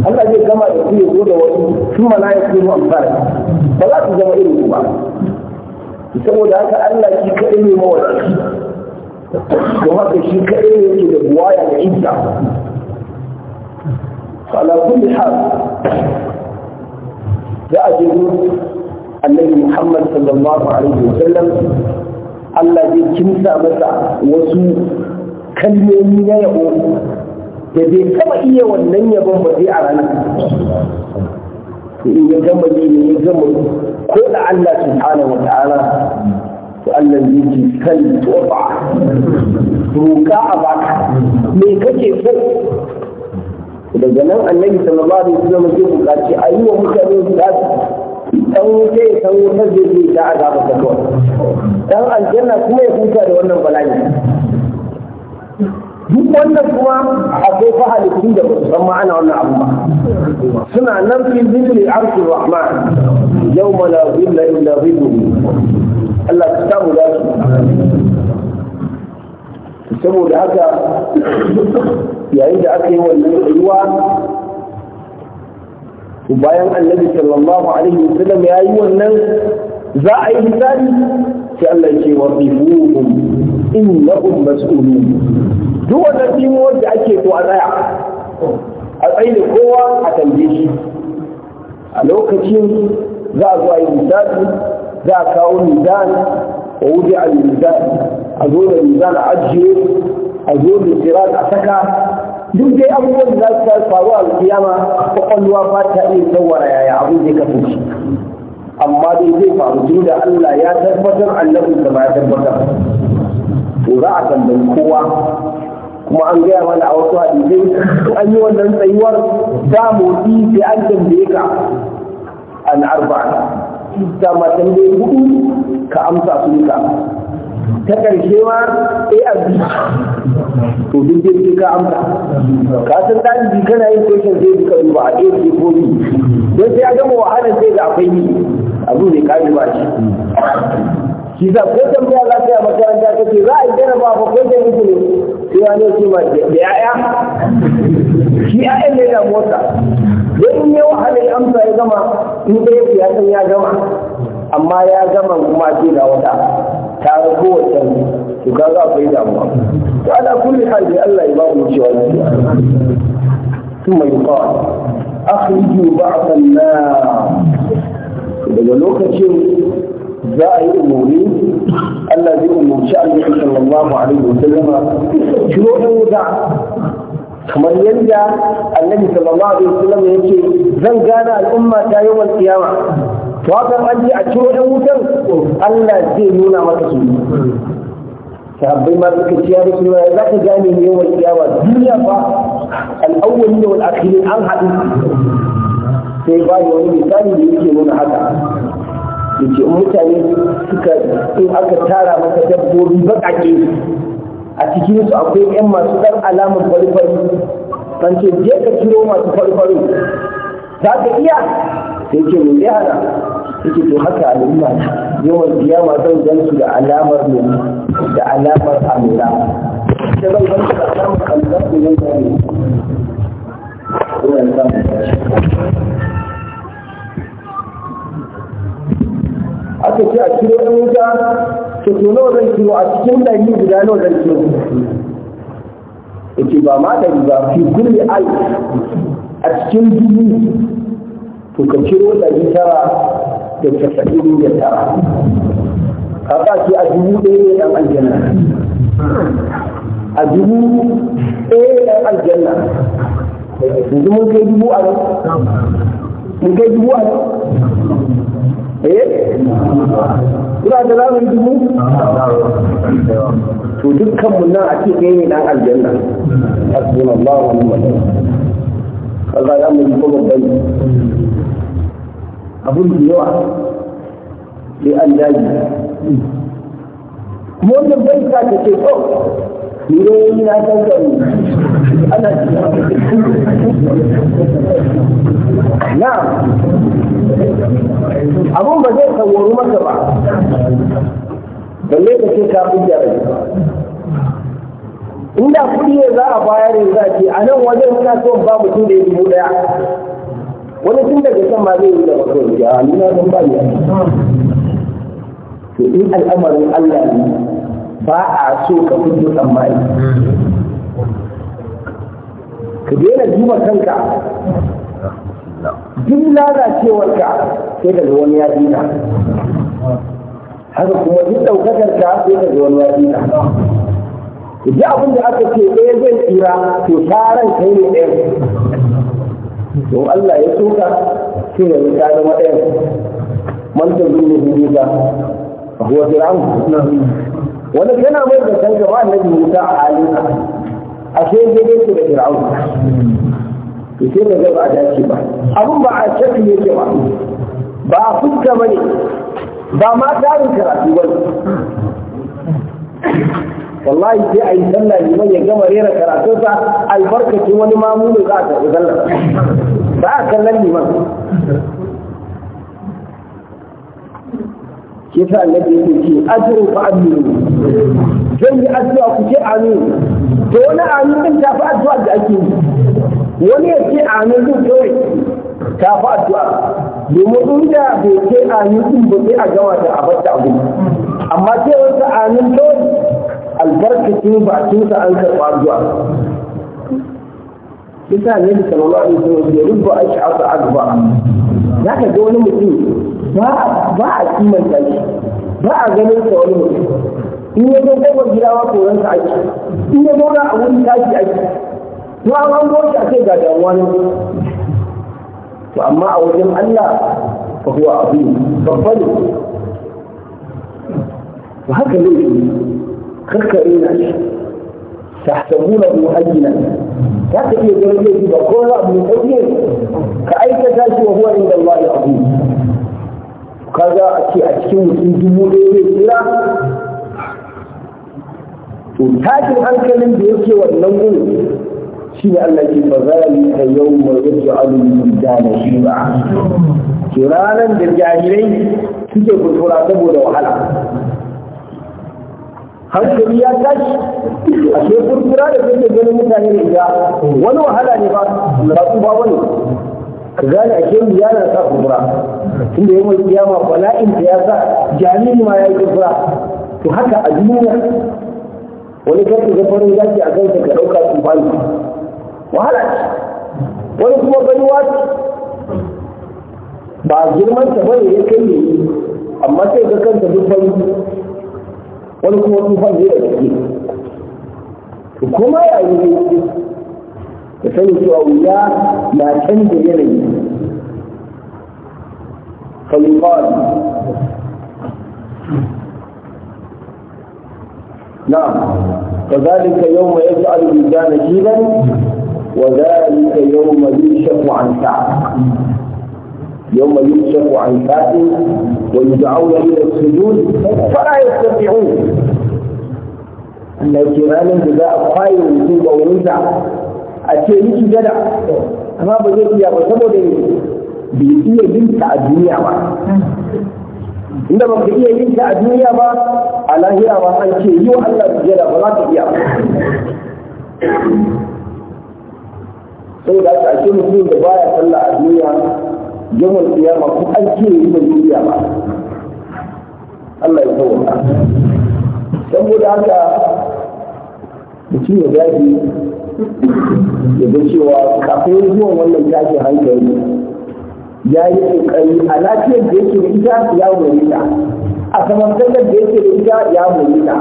الذي كما يقول يقول ثم لا يكون أمثالك فلا تجمع إلي كما يسمى ذلك الله جاء كإلي موالك وما كشي كإلي كدبوايا لعيدة فعلى كل حال جاء جنود النبي محمد صلى الله عليه وسلم الذي جاء كمسا مسا وسوء كلمة من يقول da bai kama iya wannan yabon ba zai a ranar in ya gama yi ne ya gama ko da Allah tsara wa ta'ala to Allah zai ce kan tofa roka a baka me kake so daga nan annabi sallallahu alaihi wasallam zai bukaci, a yi wa mutane su dan wuce ya san wutar zai zai da azaba ta kawai dan aljanna kuma ya huta da wannan bala'i duk wannan kuma akwai fa halittu da ba san ma'ana wannan abu ba suna nan fi zilli arshir rahman yawma la zilla illa zilluhu Allah ka samu da su saboda haka yayin da aka yi wannan ruwa bayan annabi sallallahu alaihi wasallam ya yi wannan za a yi hisabi sai Allah ce wa qifuhum innahum mas'ulun duk wanda timo da ake to a tsaya a tsaye da kowa a tambaye shi a lokacin za a zo a yi hisabi za a kawo mizan wa wuce a mizan a zo da mizan a ajiye a zo da tsira a saka duk dai abubuwan da za su faru a kiyama kwakwalwa ba ta iya tsawara yaya abin zai kasance amma dai zai faru tun da Allah ya tabbatar annabin sa ba ya tabbatar to za a tambayi kowa kuma an gaya mana a wasu hadisai an yi wannan tsayuwar da motsi sai an tambaye ka an arba ta ma tambaye hudu ka amsa su ka ta ƙarshe ma sai a bi to duk dai ka amsa ka san ɗalibi kana yin kwashin zai ka duba a ɗaya ko bi don sai ya gama wahalar sai da akwai ni abu ne kare ba shi shi za ko tambaya za ta yi a makaranta ka ce za a yi jaraba ba ko da mutu ne sai ya nuna cewa da ya'ya shi ya'yan ne da mota don in yi wahalar amsa ya gama in ɗaya ya san ya gama amma ya gama kuma ce da wata ta rago wata to ka za ku yi damuwa to ala kulli hal Allah ya ba mu cewa ثم يقال أخرجوا بعض النار daga lokacin za a yi umarni Allah zai umarci annabi sallallahu alaihi wa sallama shiro ɗan wuta kamar yadda annabi sallallahu alaihi wa ya ce zan gane al'umma ta yi wal kiyama to haka an ji a ciro da wutan Allah zai nuna maka su sahabbai ma suka ce ya rasu ya za ka gane yawan kiyama duniya fa al al'awwalin wal akhirin an haɗu sai ba ni wani misali da yake nuna haka da ke mutane suka in aka tara maka dabbobi baƙaƙe a cikin su akwai ƴan masu ɗan alamar farfari kan ce je ka ciro masu farfari za ka iya sai ce mai zai hana yake to haka al'umma yawan biya zan zansu da alamar ne da alamar amina da zan gan da alamar amina da aka ce a ciro ɗan wuta ta tono nawa zan ciro a cikin ɗari guda nawa zan ya ce ba ma ɗari ba fi kulle al a cikin dubu to ka ciro ɗari tara da casa'in da tara ka ba ce a dubu ɗaya ne ɗan aljanna a dubu ɗaya ne ɗan aljanna yanzu mun kai dubu a mun kai dubu a eh kuna da zamun dubu to dukkan mun nan a ce kai ne dan aljanna hasbunallahu wa ni'mal wakeel ya mu ko babban abun da yawa sai an daji mu bai ta ce ko ni ne na san na'am abun ba zai tsawaru masa ba balle ka ce ka fi inda kuɗi ne za a bayar ne za ce a nan wajen suna so ba mutum da ya dubu ɗaya wani tun daga can ma zai yi da mutum ya ah, nuna don ba ya to in al'amarin Allah ne ba a so ka fito tsammani ka daina duba kanka duk lalacewarka sai ka wani ya dina haka kuma duk ɗaukakar ka sai ka wani ya dina duk abin da aka ce ɗaya zai tsira to taron kai ne ɗaya don Allah ya soka sai ya rika zama ɗaya man ta zuwa hujjuta a huwa fir'aun wani kana mai da kanka ba annabi Musa a halinka ashe daidai ku da fir'aun to sai ka ga ba a dace ba abun ba a shakki ke ba ba a fuska bane. ba ma tarin karatu ba wallahi sai a yi sallah liman ya gama rera karatun sa, albarkacin wani mamu ne za a karɓi sallah ba a kallon liman ke sa annabi yake ce ajru fa amiru zan yi addu'a ku ce amin to wani amin din ta fi addu'a da ake yi wani ya ce amin din kawai ta fi addu'a domin da bai ce amin din ba sai a gama da a bata abu amma ce wata amin kawai ce ba a cinsa an karɓa addu'a kisa ne da sallallahu alaihi wasallam ya rubu a sha'atu akbar za ka ga wani mutum ba a kimanta shi ba a ganin sa wani mutum in ya zo kofar gida wa koran sa aiki in ya zauna a wuri taki aiki, to an an goshi a ce ga damuwa ne to amma a wajen Allah fa huwa abu babba ne to haka ne kakkare na shi tahsabunahu hayyina za ka iya ganin zai ba ko za abu ne ka aikata shi wa huwa inda Allah ya abu kaga a ce a cikin mutum dubu ɗaya zai tsira to tashin hankalin da yake wannan gudu shi ne Allah ke fa zalika yawma yaj'alu al-mizana shiba to ranan da jahilai suke kuskura saboda wahala hankali ya tashi a ce kurkura da suke ganin mutane da ita wani wahala ne ba ba su ba wani ka gane a shemu ya na sa kurkura tunda yawan kiyama bala'in ta ya sa jami'i ma ya yi kurkura to haka a duniya wani kafin da farin zaki a kansa ka ɗauka su bani wahala ce wani kuma ganuwa ce ba girman ta bane ya kai ne amma sai ga kanta duk bani wani kuma tufan ne da gaske kuma yayi ne da sani cewa wuya na canza yanayi فيقال نعم فذلك يوم يجعل الإنسان جيلا وذلك يوم يكشف عن ساعة يوم يكشف عن ساعة ويدعون إلى السجود فلا يستطيعون لكن أنا جزاء أو وجود أتي أتيني جدع أما بجد يا بسبب بيئية بنت الدنيا ما إنما بيئية بنت الدنيا ما a lahira ba an ce yi wa Allah sujada ba za ka iya sai da ta ce mutum da baya sallah a duniya yawan kiyama ko an ce yi da duniya ba Allah ya kawo saboda haka mutum ya gaji ya ga cewa kafin zuwan wannan tashin hankali ya yi ƙoƙari a lafiyar da yake da ita ya wuri ta a samartakar da yake da ita ya mori ta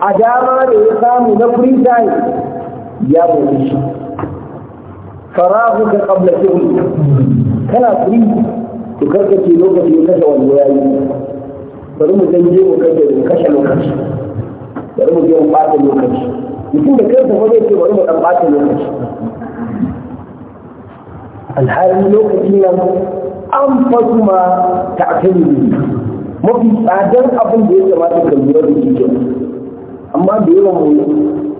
a dama da ya samu na free time ya mori shi farahu ka kabla shuri kana free to karkace lokaci kashe wanda ya yi bari mu zanje mu kashe kashe lokaci bari mu je mu ɓata lokaci mutum da kansa ba zai ce bari mu ɗan ɓata lokaci alhalin lokaci nan an fasu ma ta'atani mafi tsadar abin da ya kamata ka lura da shi ke amma da yawan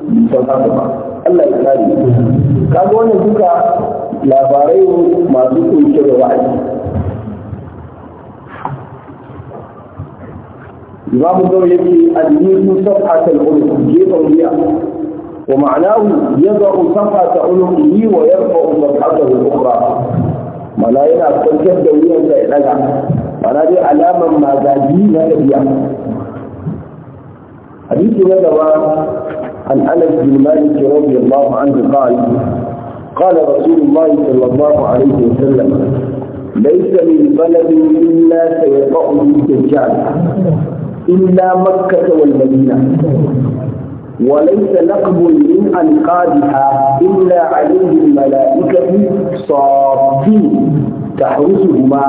mu san haka ba Allah ya kare kaga wannan duka labarai masu kunshe da wa'azi Imam ya ce al-Yisu safhat al-ulum gefen wuya wa ma'anahu yadau safhat yi wa yarfa'u safhatahu al-ukhra mala yana kwanciyar da wuyan sa ya daga ana dai alaman magaji na tafiya hadisi na gaba an anas bin malik radiyallahu anhu qala قال رسول الله صلى الله عليه وسلم ليس من بلد إلا سيطأ الدجال إلا مكة والمدينة وليس نقب من أنقاضها إلا عليه الملائكة صافين تحرسهما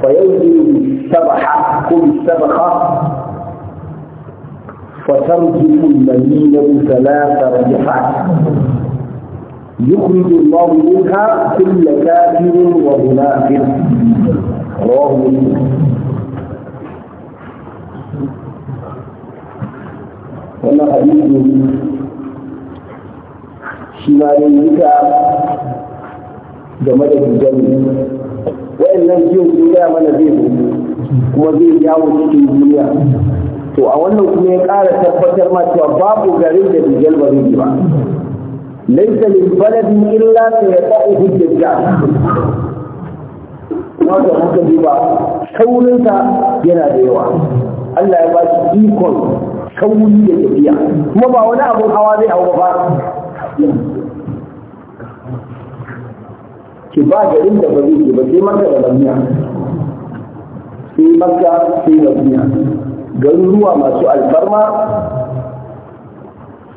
فينزل السبحة كل السبحة فترجف المدينة ثلاث رجحات يخرج الله منها كل كافر ومنافق رواه مسلم wannan hadisi shi ma ne wa'annan biyun sun gaya mana zai zo kuma zai yawo cikin duniya to a wannan kuma ya ƙara tabbatar ma cewa babu garin da dijal ba zai ba laisa min baladin illa ta ya ta'u hujjajja wato haka bi ba saurinsa yana da yawa Allah ya ba shi ikon sauri da tafiya kuma ba wani abun hawa zai hau ba ki ba garin da ba zai ba sai maka da lamiya sai maka sai lamiya garuruwa masu alfarma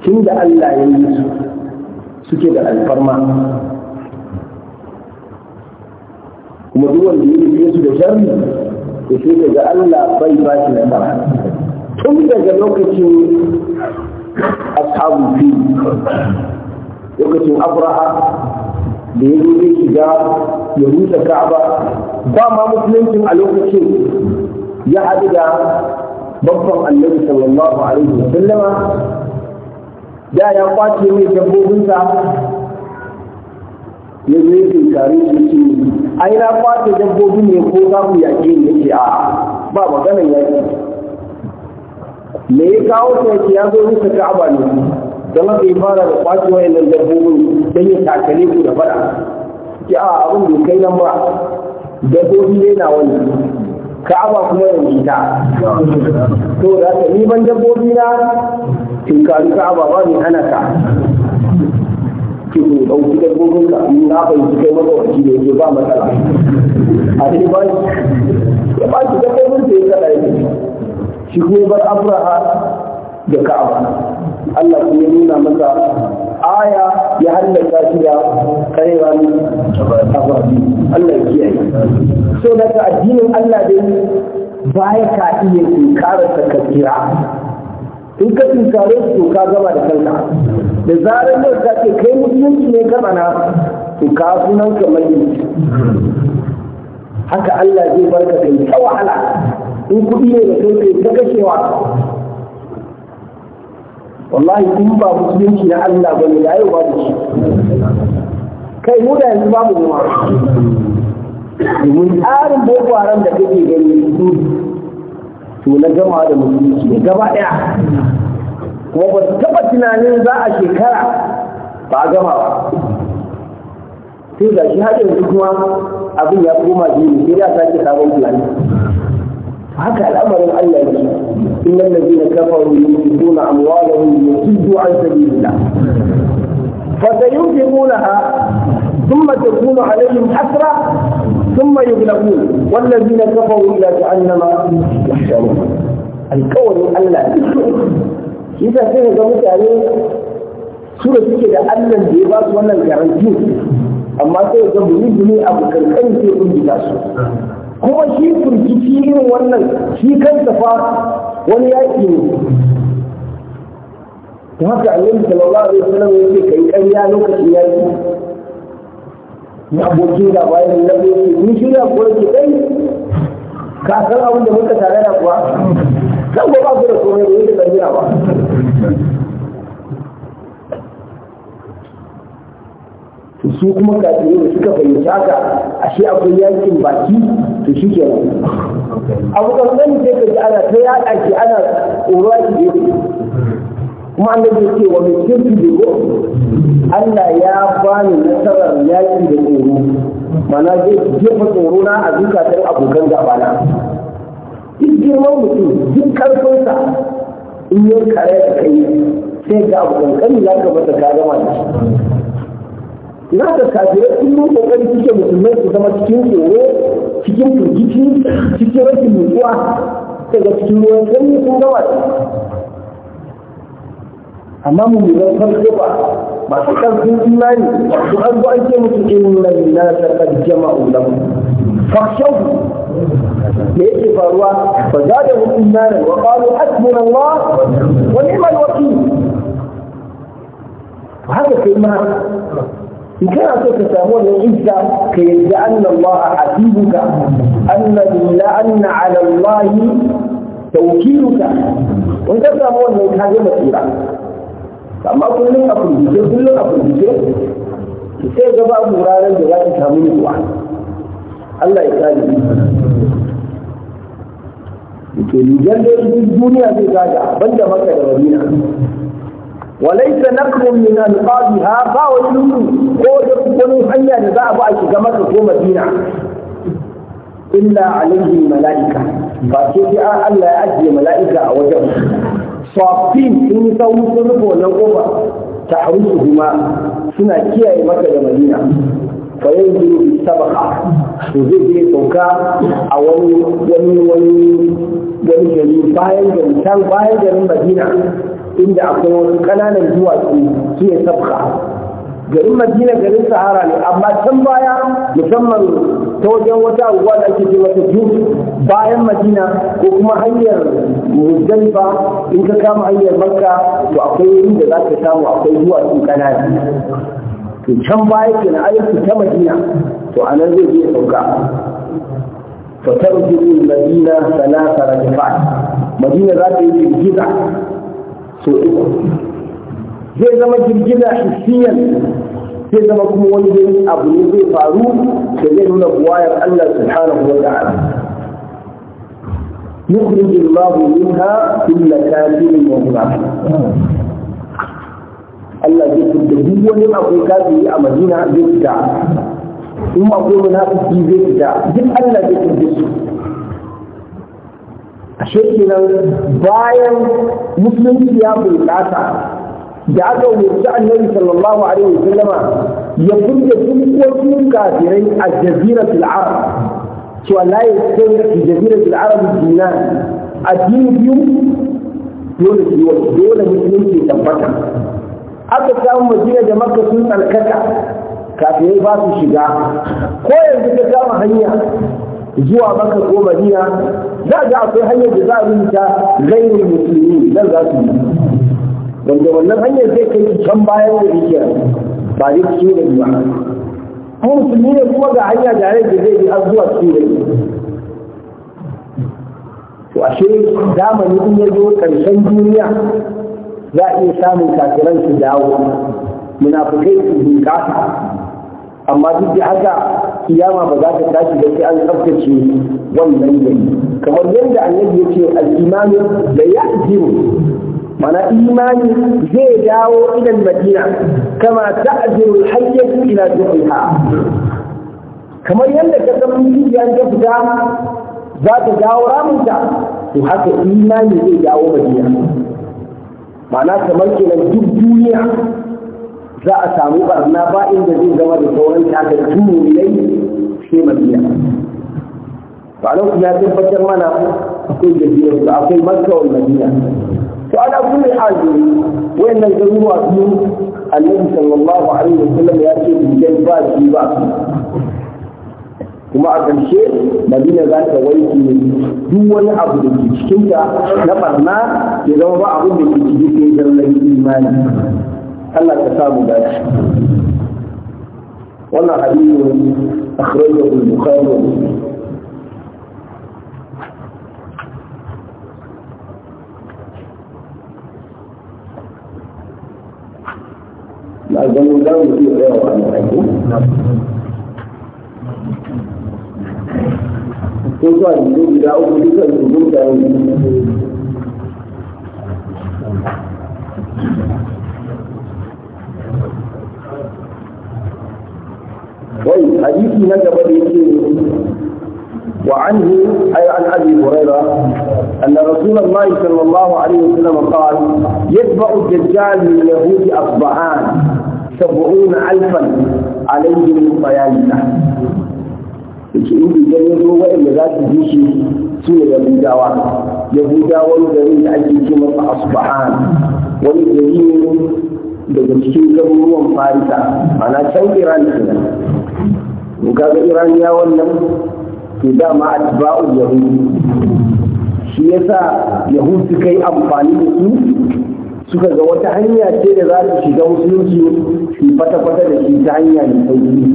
tun da Allah ya yi su suke da alfarma kuma duk wanda ya rufe su da sharri da sai daga Allah bai ba shi nasara tun daga lokacin ashabu fi lokacin abraha da ya zo zai shiga ya rusa ka'aba ba ma musuluncin a lokacin ya haɗu da babban annabi sallallahu alaihi wa sallama da ya kwace mai dabbobinsa ya zo ya tinkare shi ce ai na kwace dabbobin ne ko za ku yaƙe ne ce a ba maganan yaƙi me ya kawo yake ya zo rusa ka'aba ne da mafi fara da kwaci wayannan dabbobin don ya takale ku da fada ki a abin da kai nan ba dabbobi ne na wani ka'aba kuma yanzu ta to da ta ni ban dabbobi na ka ka aba ba ni ana ka kin ku dauki dabbobin ka in na bai ki kai maka wani da yake ba matsala a dai ba ya ba ki dabbobin da ya tsada yake shi kuma bar abraha da ka'aba Allah ya nuna masa aya ya hallaka shi da karewa ne Allah ya kiyaye so ka addinin Allah dai ya ka iya tunkararsa ka kira in ka tunkare su ka gaba da kanka da zarar yau ka ce kai musulunci ne ka bana to ka sunan ka mai haka Allah zai barka kai ta wahala in kuɗi ne da kai kai ta kashewa wallahi in ba musulunci na Allah bane da yau ba shi kai mu da yanzu ba mu domin tsarin boko haram da kake gani su to na gama da musulunci ne gaba daya kuma ba taba tunanin za a shekara ba gama ba sai ga shi haɗin kuma abin ya koma jini sai ya sake sabon tunani هكا الأمر الأيام إن الذين كفروا ينفقون أموالهم ليصدوا عن سبيل الله فسينفقونها ثم تكون عليهم حسرة ثم يغلبون والذين كفروا إلى جهنم يحشرون الكون ألا إذا كان زمك عليه يعني سورة كده ألا الجيبات ولا الجعنجين أما سيزمني أبو كالكين في كل أبو kuma shi firgici irin wannan shi kansa fa wani yaƙi ne ta haka annabi sallallahu alaihi wasallam ce kai ya lokacin yaƙi ni abokin da bayan nan ce ni shirya ko yake kai ka san abin da muka tare da kuwa kan ba ku da komai da yake tsagira ba to su kuma kafirai da suka fahimci haka a shi akwai yakin baki to shi ke abu zan ce ka ji ana ta yaɗa ki ana tsoro ne kuma an da ce wa mai kirki da ko Allah ya bani nasarar yaki da tsoro mana zai jefa tsoro na a zukatan abokan gabana duk girman mutum duk karfinsa in yi kare da kai sai ga abokan kan ya kamata ka gama da shi na da kafirai sun yi kokari suke musulmai su zama cikin tsoro cikin firgici cikin rashin ta daga cikin ruwan sanyi sun gawa amma mu mu zan farko ba masu ƙarfin imani su an Ba an mutum musu inna lillahi qad jama'u lahum fakhshaw me yake faruwa fa zadahum imanan wa qalu hasbuna Allah wa ni'mal wakeel haka kai ma كان سوف تقول إنت كي أن الله حبيبك الذي لأن على الله توكيلك وإنت تقول إنك هذا مسيرا فما كل ما كنت كل ما كنت كي جبا مرارا جبا تتعمل وعن الله يتعلم يقول لجلد الدنيا في كاجا بل جمعك يا walaita nakrun min alqabiha ba wani lungu ko da wani hanya da za a bi a shiga maka ko madina illa alaihi mala'ika ba ce sai an Allah ya ajiye mala'ika a wajen sofin sun yi sauri sun rufe wannan kofa ta harusu kuma suna kiyaye maka da madina fa yanzu bi sabaka to zai je sauka a wani wani wani gari bayan garin can bayan garin madina inda akwai wasu ƙananan duwatsu su ne sabka garin madina garin sahara ne amma can baya musamman ta wajen wata abubuwa da ake cewa ta jus bayan madina ko kuma hanyar muzdalifa in ka kama hanyar makka to akwai wurin da za ka samu akwai duwatsu ƙanana to can baya ke na ayyuka ta madina to a nan zai je sauka fatar jirgin madina salasa rajafat madina za ta yi jirgiza so uku zai zama girgiza hissiyan zai zama kuma wani dai abu ne zai faru da zai nuna buwayar Allah subhanahu wa ta'ala يخرج الله منها كل كافر وغلام Allah zai fita duk wani akwai kafiri a Madina zai fita in akwai munafiki zai fita duk Allah zai fita su ashe kenan bayan musulunci ya bunƙasa da aka wuce annabi sallallahu alaihi wasallama ya burge dukkan kafirai a jaziratul arab cewa la yastawi fi jaziratul arab dinan addini biyu dole kiwo dole musulunci tabbata aka samu madina da makka sun tsarkaka kafirai ba su shiga ko yanzu ka kama hanya zuwa maka ko madina da ga akwai hanyar da za a rubuta gairin musulmi nan za su yi wanda wannan hanyar zai kai can bayan da rikiya ba dai cikin da ba kuma musulmi ne kuma ga hanya da da zai yi har zuwa cikin da to ashe zamani in ya zo karshen duniya za a iya samun kafiran su dawo munafukai su bunƙasa amma duk da haka kiyama ba za ta tashi da sai an tsaftace wannan gari kamar yadda annabi ya ce al imani la yahdiru mana imani zai dawo idan madina kama ta'diru al-hayyatu ila duhiha kamar yadda ka san kiyama ta fita za ta dawo ramunta to haka imani zai dawo madina mana kamar kenan duk duniya za a samu barna ba inda zai zama da sauran ta da tuniyai sai madina kuma ya tabbatar mana akwai gajiyar da akwai makka wal madina to ala kulli hali wayannan garuruwa biyu annabi sallallahu alaihi wasallam ya ce bijan ba shi ba kuma a ƙarshe madina za ta wanke duk wani abu da ke cikinta na barna ya zama ba abin da ke cikin sai zallan imani Allah ka samu dace wannan hadisi akhrajahu al-bukhari wa muslim la ganin da mu yi rawa wannan hadisi ko zuwa yanzu guda uku duka rubun da yanzu طيب حديث نجم بن وعنه اي عن ابي هريره ان رسول الله صلى الله عليه وسلم قال يتبع الدجال من اليهود اصبعان سبعون الفا عليهم صيانته يجي يجي هو اللي ذات يجي سوى يهوداوا يهوداوا الذين ياتي كما اصبعان والذين يجي كبروا فارسا انا شوقي رانسنا to kaga iraniya wannan ke dama atba'ul yahudi shi ya sa yasa suka kai amfani da su suka ga wata hanya ce da za su shiga musulunci su fata-fata da shi ta hanya mai sauki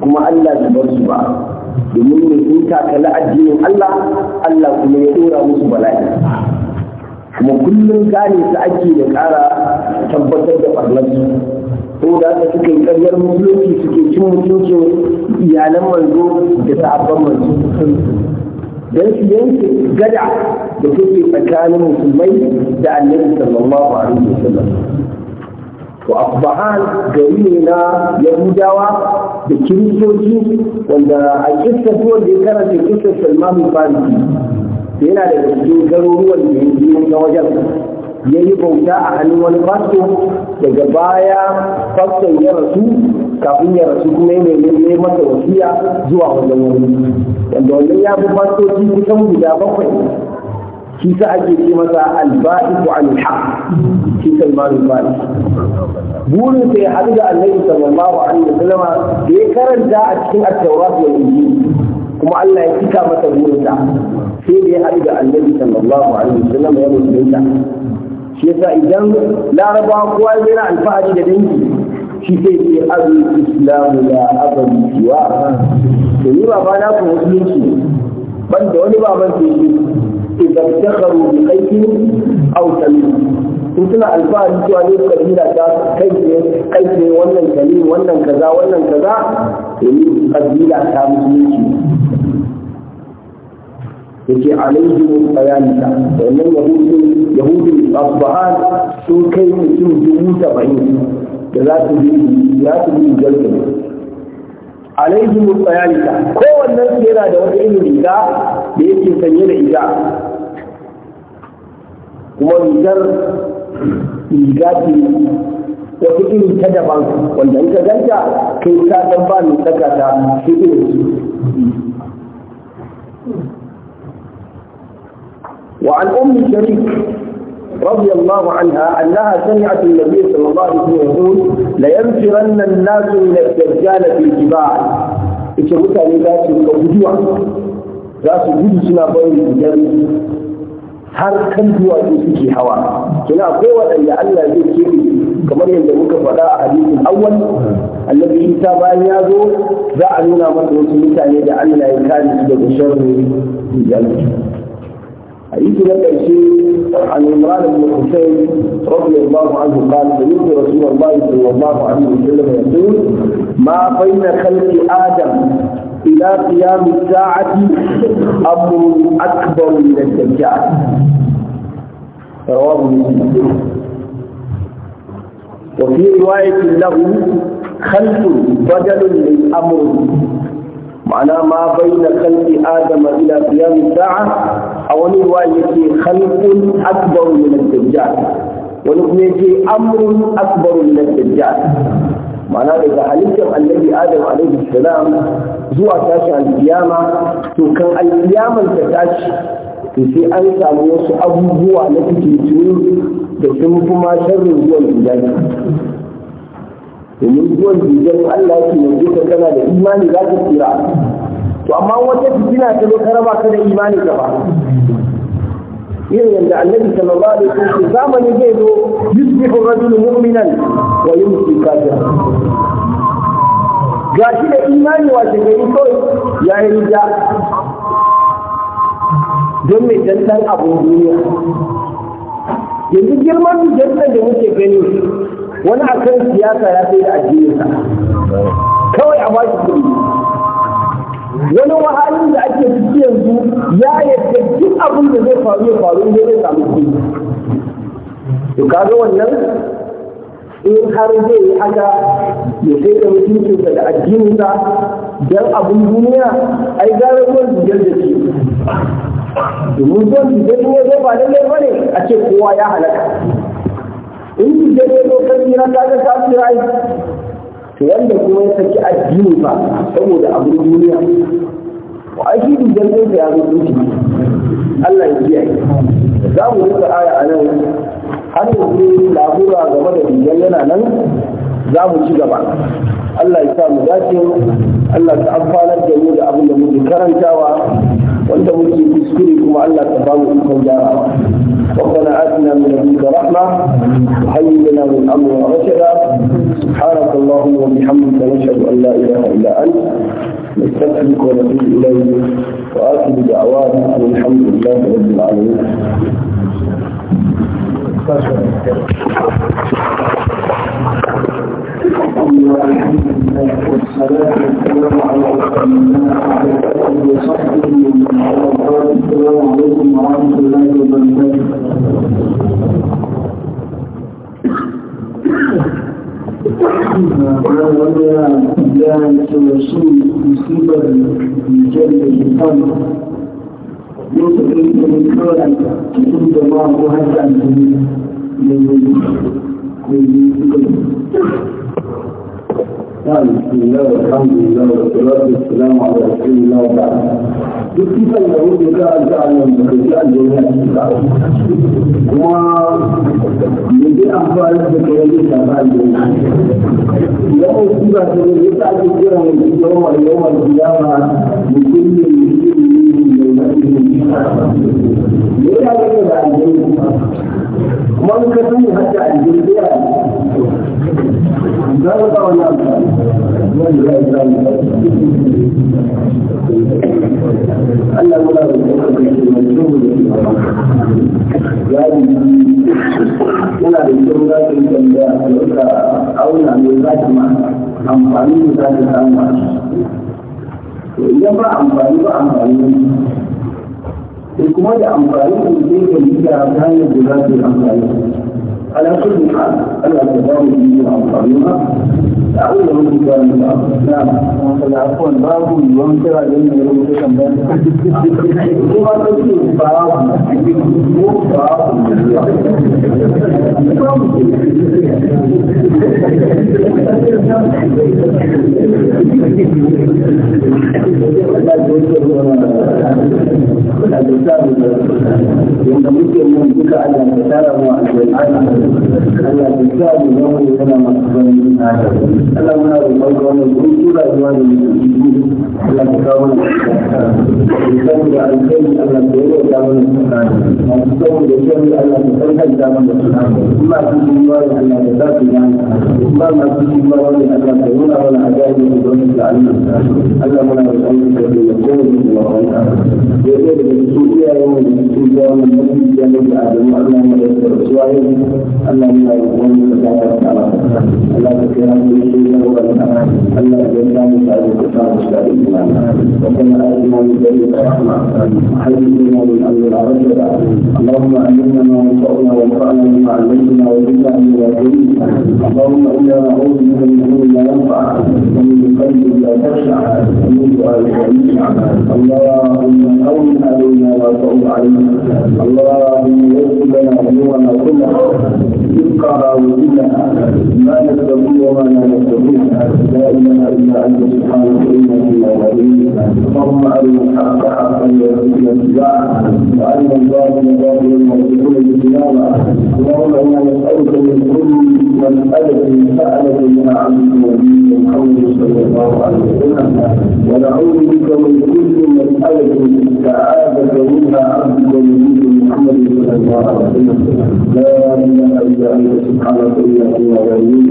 kuma Allah su bar su ba domin mai sun takala addinin Allah Allah kuma ya dora musu bala'i kuma kullum gane su ake da ƙara tabbatar da ɓarnar ko da aka suka yi karyar musulunci suke cin mutuncin iyalan manzo da sahabban manzo don su yanke gada da take tsakanin musulmai da annabi sallallahu alaihi wasallam to asbahan gari ne na yahudawa da kiristoci wanda a kissa ko da ya karanta kissa salman farisi yana da cikin garuruwan da ya na wajen ya yi bauta a hannun wani fasto daga baya faston ya rasu kafin ya rasu kuma ya nemi masa wasiya zuwa wajen wani wanda wannan ya fi fastoci kusan guda bakwai shi sa ake ce masa alba'iku an haq shi Salmanu al burin sai har da annabi sallallahu alaihi wasallama da ya karanta a cikin at-taurat wal injil kuma Allah ya cika masa burinsa sai da ya haɗu da annabi sallallahu alaihi wasallam ya musulunta shi yasa idan laraba kowa yana alfahari da dangi shi sai ce abu islamu la abin jiwa da ni ba na ku musulunci ban da wani baban sai shi idan takaru da kaifi aw tamim in suna alfahari cewa ne da ta kai ne kai ne wannan kalim wannan kaza wannan kaza to ni kabila ta musulunci yake alaihim bayanika wannan yahudu yahudu asbahan sun kai mutum dubu saba'in da za su bi za su bi alaihi alaihim bayanika kowannen su yana da wani irin riga da yake sanye da ita kuma rigar riga ce wata irin ta daban wanda in ka ganta kai ka dan ba ni tsaka ta shi irin وعن أم شريك رضي الله عنها أنها سمعت النبي صلى الله عليه وسلم يقول لينفرن الناس من الدجال في الجبال يشوفوك أن ذات الوجوع ذات الوجوع سنا بين الجبال هل كان هو يسكي هوا كنا قوة أن الله يسكي كما ينبغوك فلا حديث الأول الذي إنتابا يازو ذا عنونا مدرس مثالي لأن الله كان يسكي بشر الجبال حديث لك شيء عن عمران بن حسين رضي الله عنه قال سمعت رسول الله صلى الله عليه وسلم يقول ما بين خلق ادم الى قيام الساعه امر اكبر من الدجال رواه مسلم وفي روايه له خلق بدل من امر ma'ana ma baina khalqi adama ila qiyam sa'a a wani ruwa yake khalqun akbar min ad-dajjal wani kuma yake amrun akbar min ad-dajjal ma'ana daga halittar annabi adam alaihi salam zuwa tashi al-qiyama to kan al-qiyaman ta tashi to sai an samu wasu abubuwa na fitintunu da sun fi ma sharrin zuwan gudanar domin zuwan jirgin Allah ya yanzu ka kana da imani za ka tsira to amma wata fitina ta zo ka raba ka da imani ka ba irin yadda annabi sallallahu alaihi wasallam zamani zai zo yusbihu rajulun mu'minan wa yumsi kafiran gashi da imani wa shekaru kawai ya yi rija don mai dandan abin duniya yanzu girman jantar da muke gani wani a kan siyasa ya sai da addininsa kawai a bashi kuɗi wani wahalin da ake ciki yanzu ya yadda duk abin da zai faru ya faru ne zai samu kuɗi to kaga wannan in har zai yi haka ya sai da mutuncinsa da addininsa don abin duniya ai gara ruwan zujar da shi domin zuwan zujar ne zai ba lallai ba ne a ce kowa ya halaka in zujar ka tsira ka ga ka tsira yi to yanda kuma ya saki addini ba saboda abin duniya wa aiki dujan sai da ya zo zuci Allah ya kiyaye za mu rika aya a nan har yanzu labura game da dujan yana nan za mu ci gaba Allah ya sa mu dace Allah ta amfanar da mu da abin da muke karantawa وانتم في kuskure kuma Allah ta bamu ikon ربنا آتنا من ربك رحمة وهيئ لنا من أمرنا رشدا سبحانك اللهم وبحمدك نشهد أن لا إله إلا أنت نستغفرك ونتوب إليك وآخر دعوانا والحمد لله رب العالمين والصلاة والسلام على رسول الله وصحبه السلام عليكم ورحمة الله وبركاته ولا لا توصل مصيبة الجنة الحمد يمكن أن يكون كل جماعة هذا الدنيا Jadi saya pun juga ada yang berjalan dengan kita. Semua mungkin apa yang sekali kita dapat dengan. Ia juga sudah kita juga mungkin jawa jawa siapa mungkin mungkin mungkin dengan ini. Ia ada dengan ini. Maka tu hanya dia. Jangan tahu yang lain. Jangan tahu yang lain. Allah la ya ni ni la de tonga de tonga de ka au na de ba ta ma am pa ni ta ta ma so ya ba am pa ni ba am pa ni ku ma de am pa ni ni ke ni ka ta ni de ba de am pa ni على كل حال الأطباء يجب أعوذ بك من كلام نعم عفوا باب ينكر علينا يوم كم باب تقول باب باب أن بالفعل له إلى مقصد nata Allah muna roƙon ka wannan gurin tura zuwa da mutum Allah ka kawo mana saboda da alkhairi Allah ka yi da mana masu saboda shari Allah ka karkar da mana kuma su shi ba da Allah ka za su gane kuma ma su shi ba wani Allah ka nuna wani ajabi da wani ta'allu Allah muna roƙon ka da ya gode da wani ya ce da su iyayen mu da su ga mu da su ga mu Allah mu da su Allah muna roƙon ka da Allah اللهم علمنا ما ينفعنا وانفعنا بما علمتنا وزدنا من الكريم اللهم إنا نعوذ بك من علم لا ينفع ومن قلب لا تخشع ومن سؤال كريم اللهم هون علينا ما تعود علينا اللهم يسر لنا أمورنا كلها رزقا وزنا ما نستطيع وما لا نستطيع لا اله الا انت سبحانك انا كنا ظالمين اللهم ارنا الحق حقا وارزقنا اتباعه وارنا الباطل باطلا وارزقنا اجتنابه اللهم انا نسالك من كل مساله سالك منها عبدك ونبيك محمد صلى الله عليه وسلم ونعوذ بك من كل مساله استعاذك منها عبدك لا اله الا انت سبحانك الا هو غريب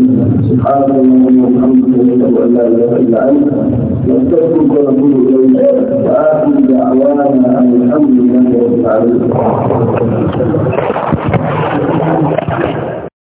سبحانك اللهم وبحمدك نشهد ان لا اله الا انت نستغفرك ونتوب اليك واخر دعوانا ان الحمد لله رب العالمين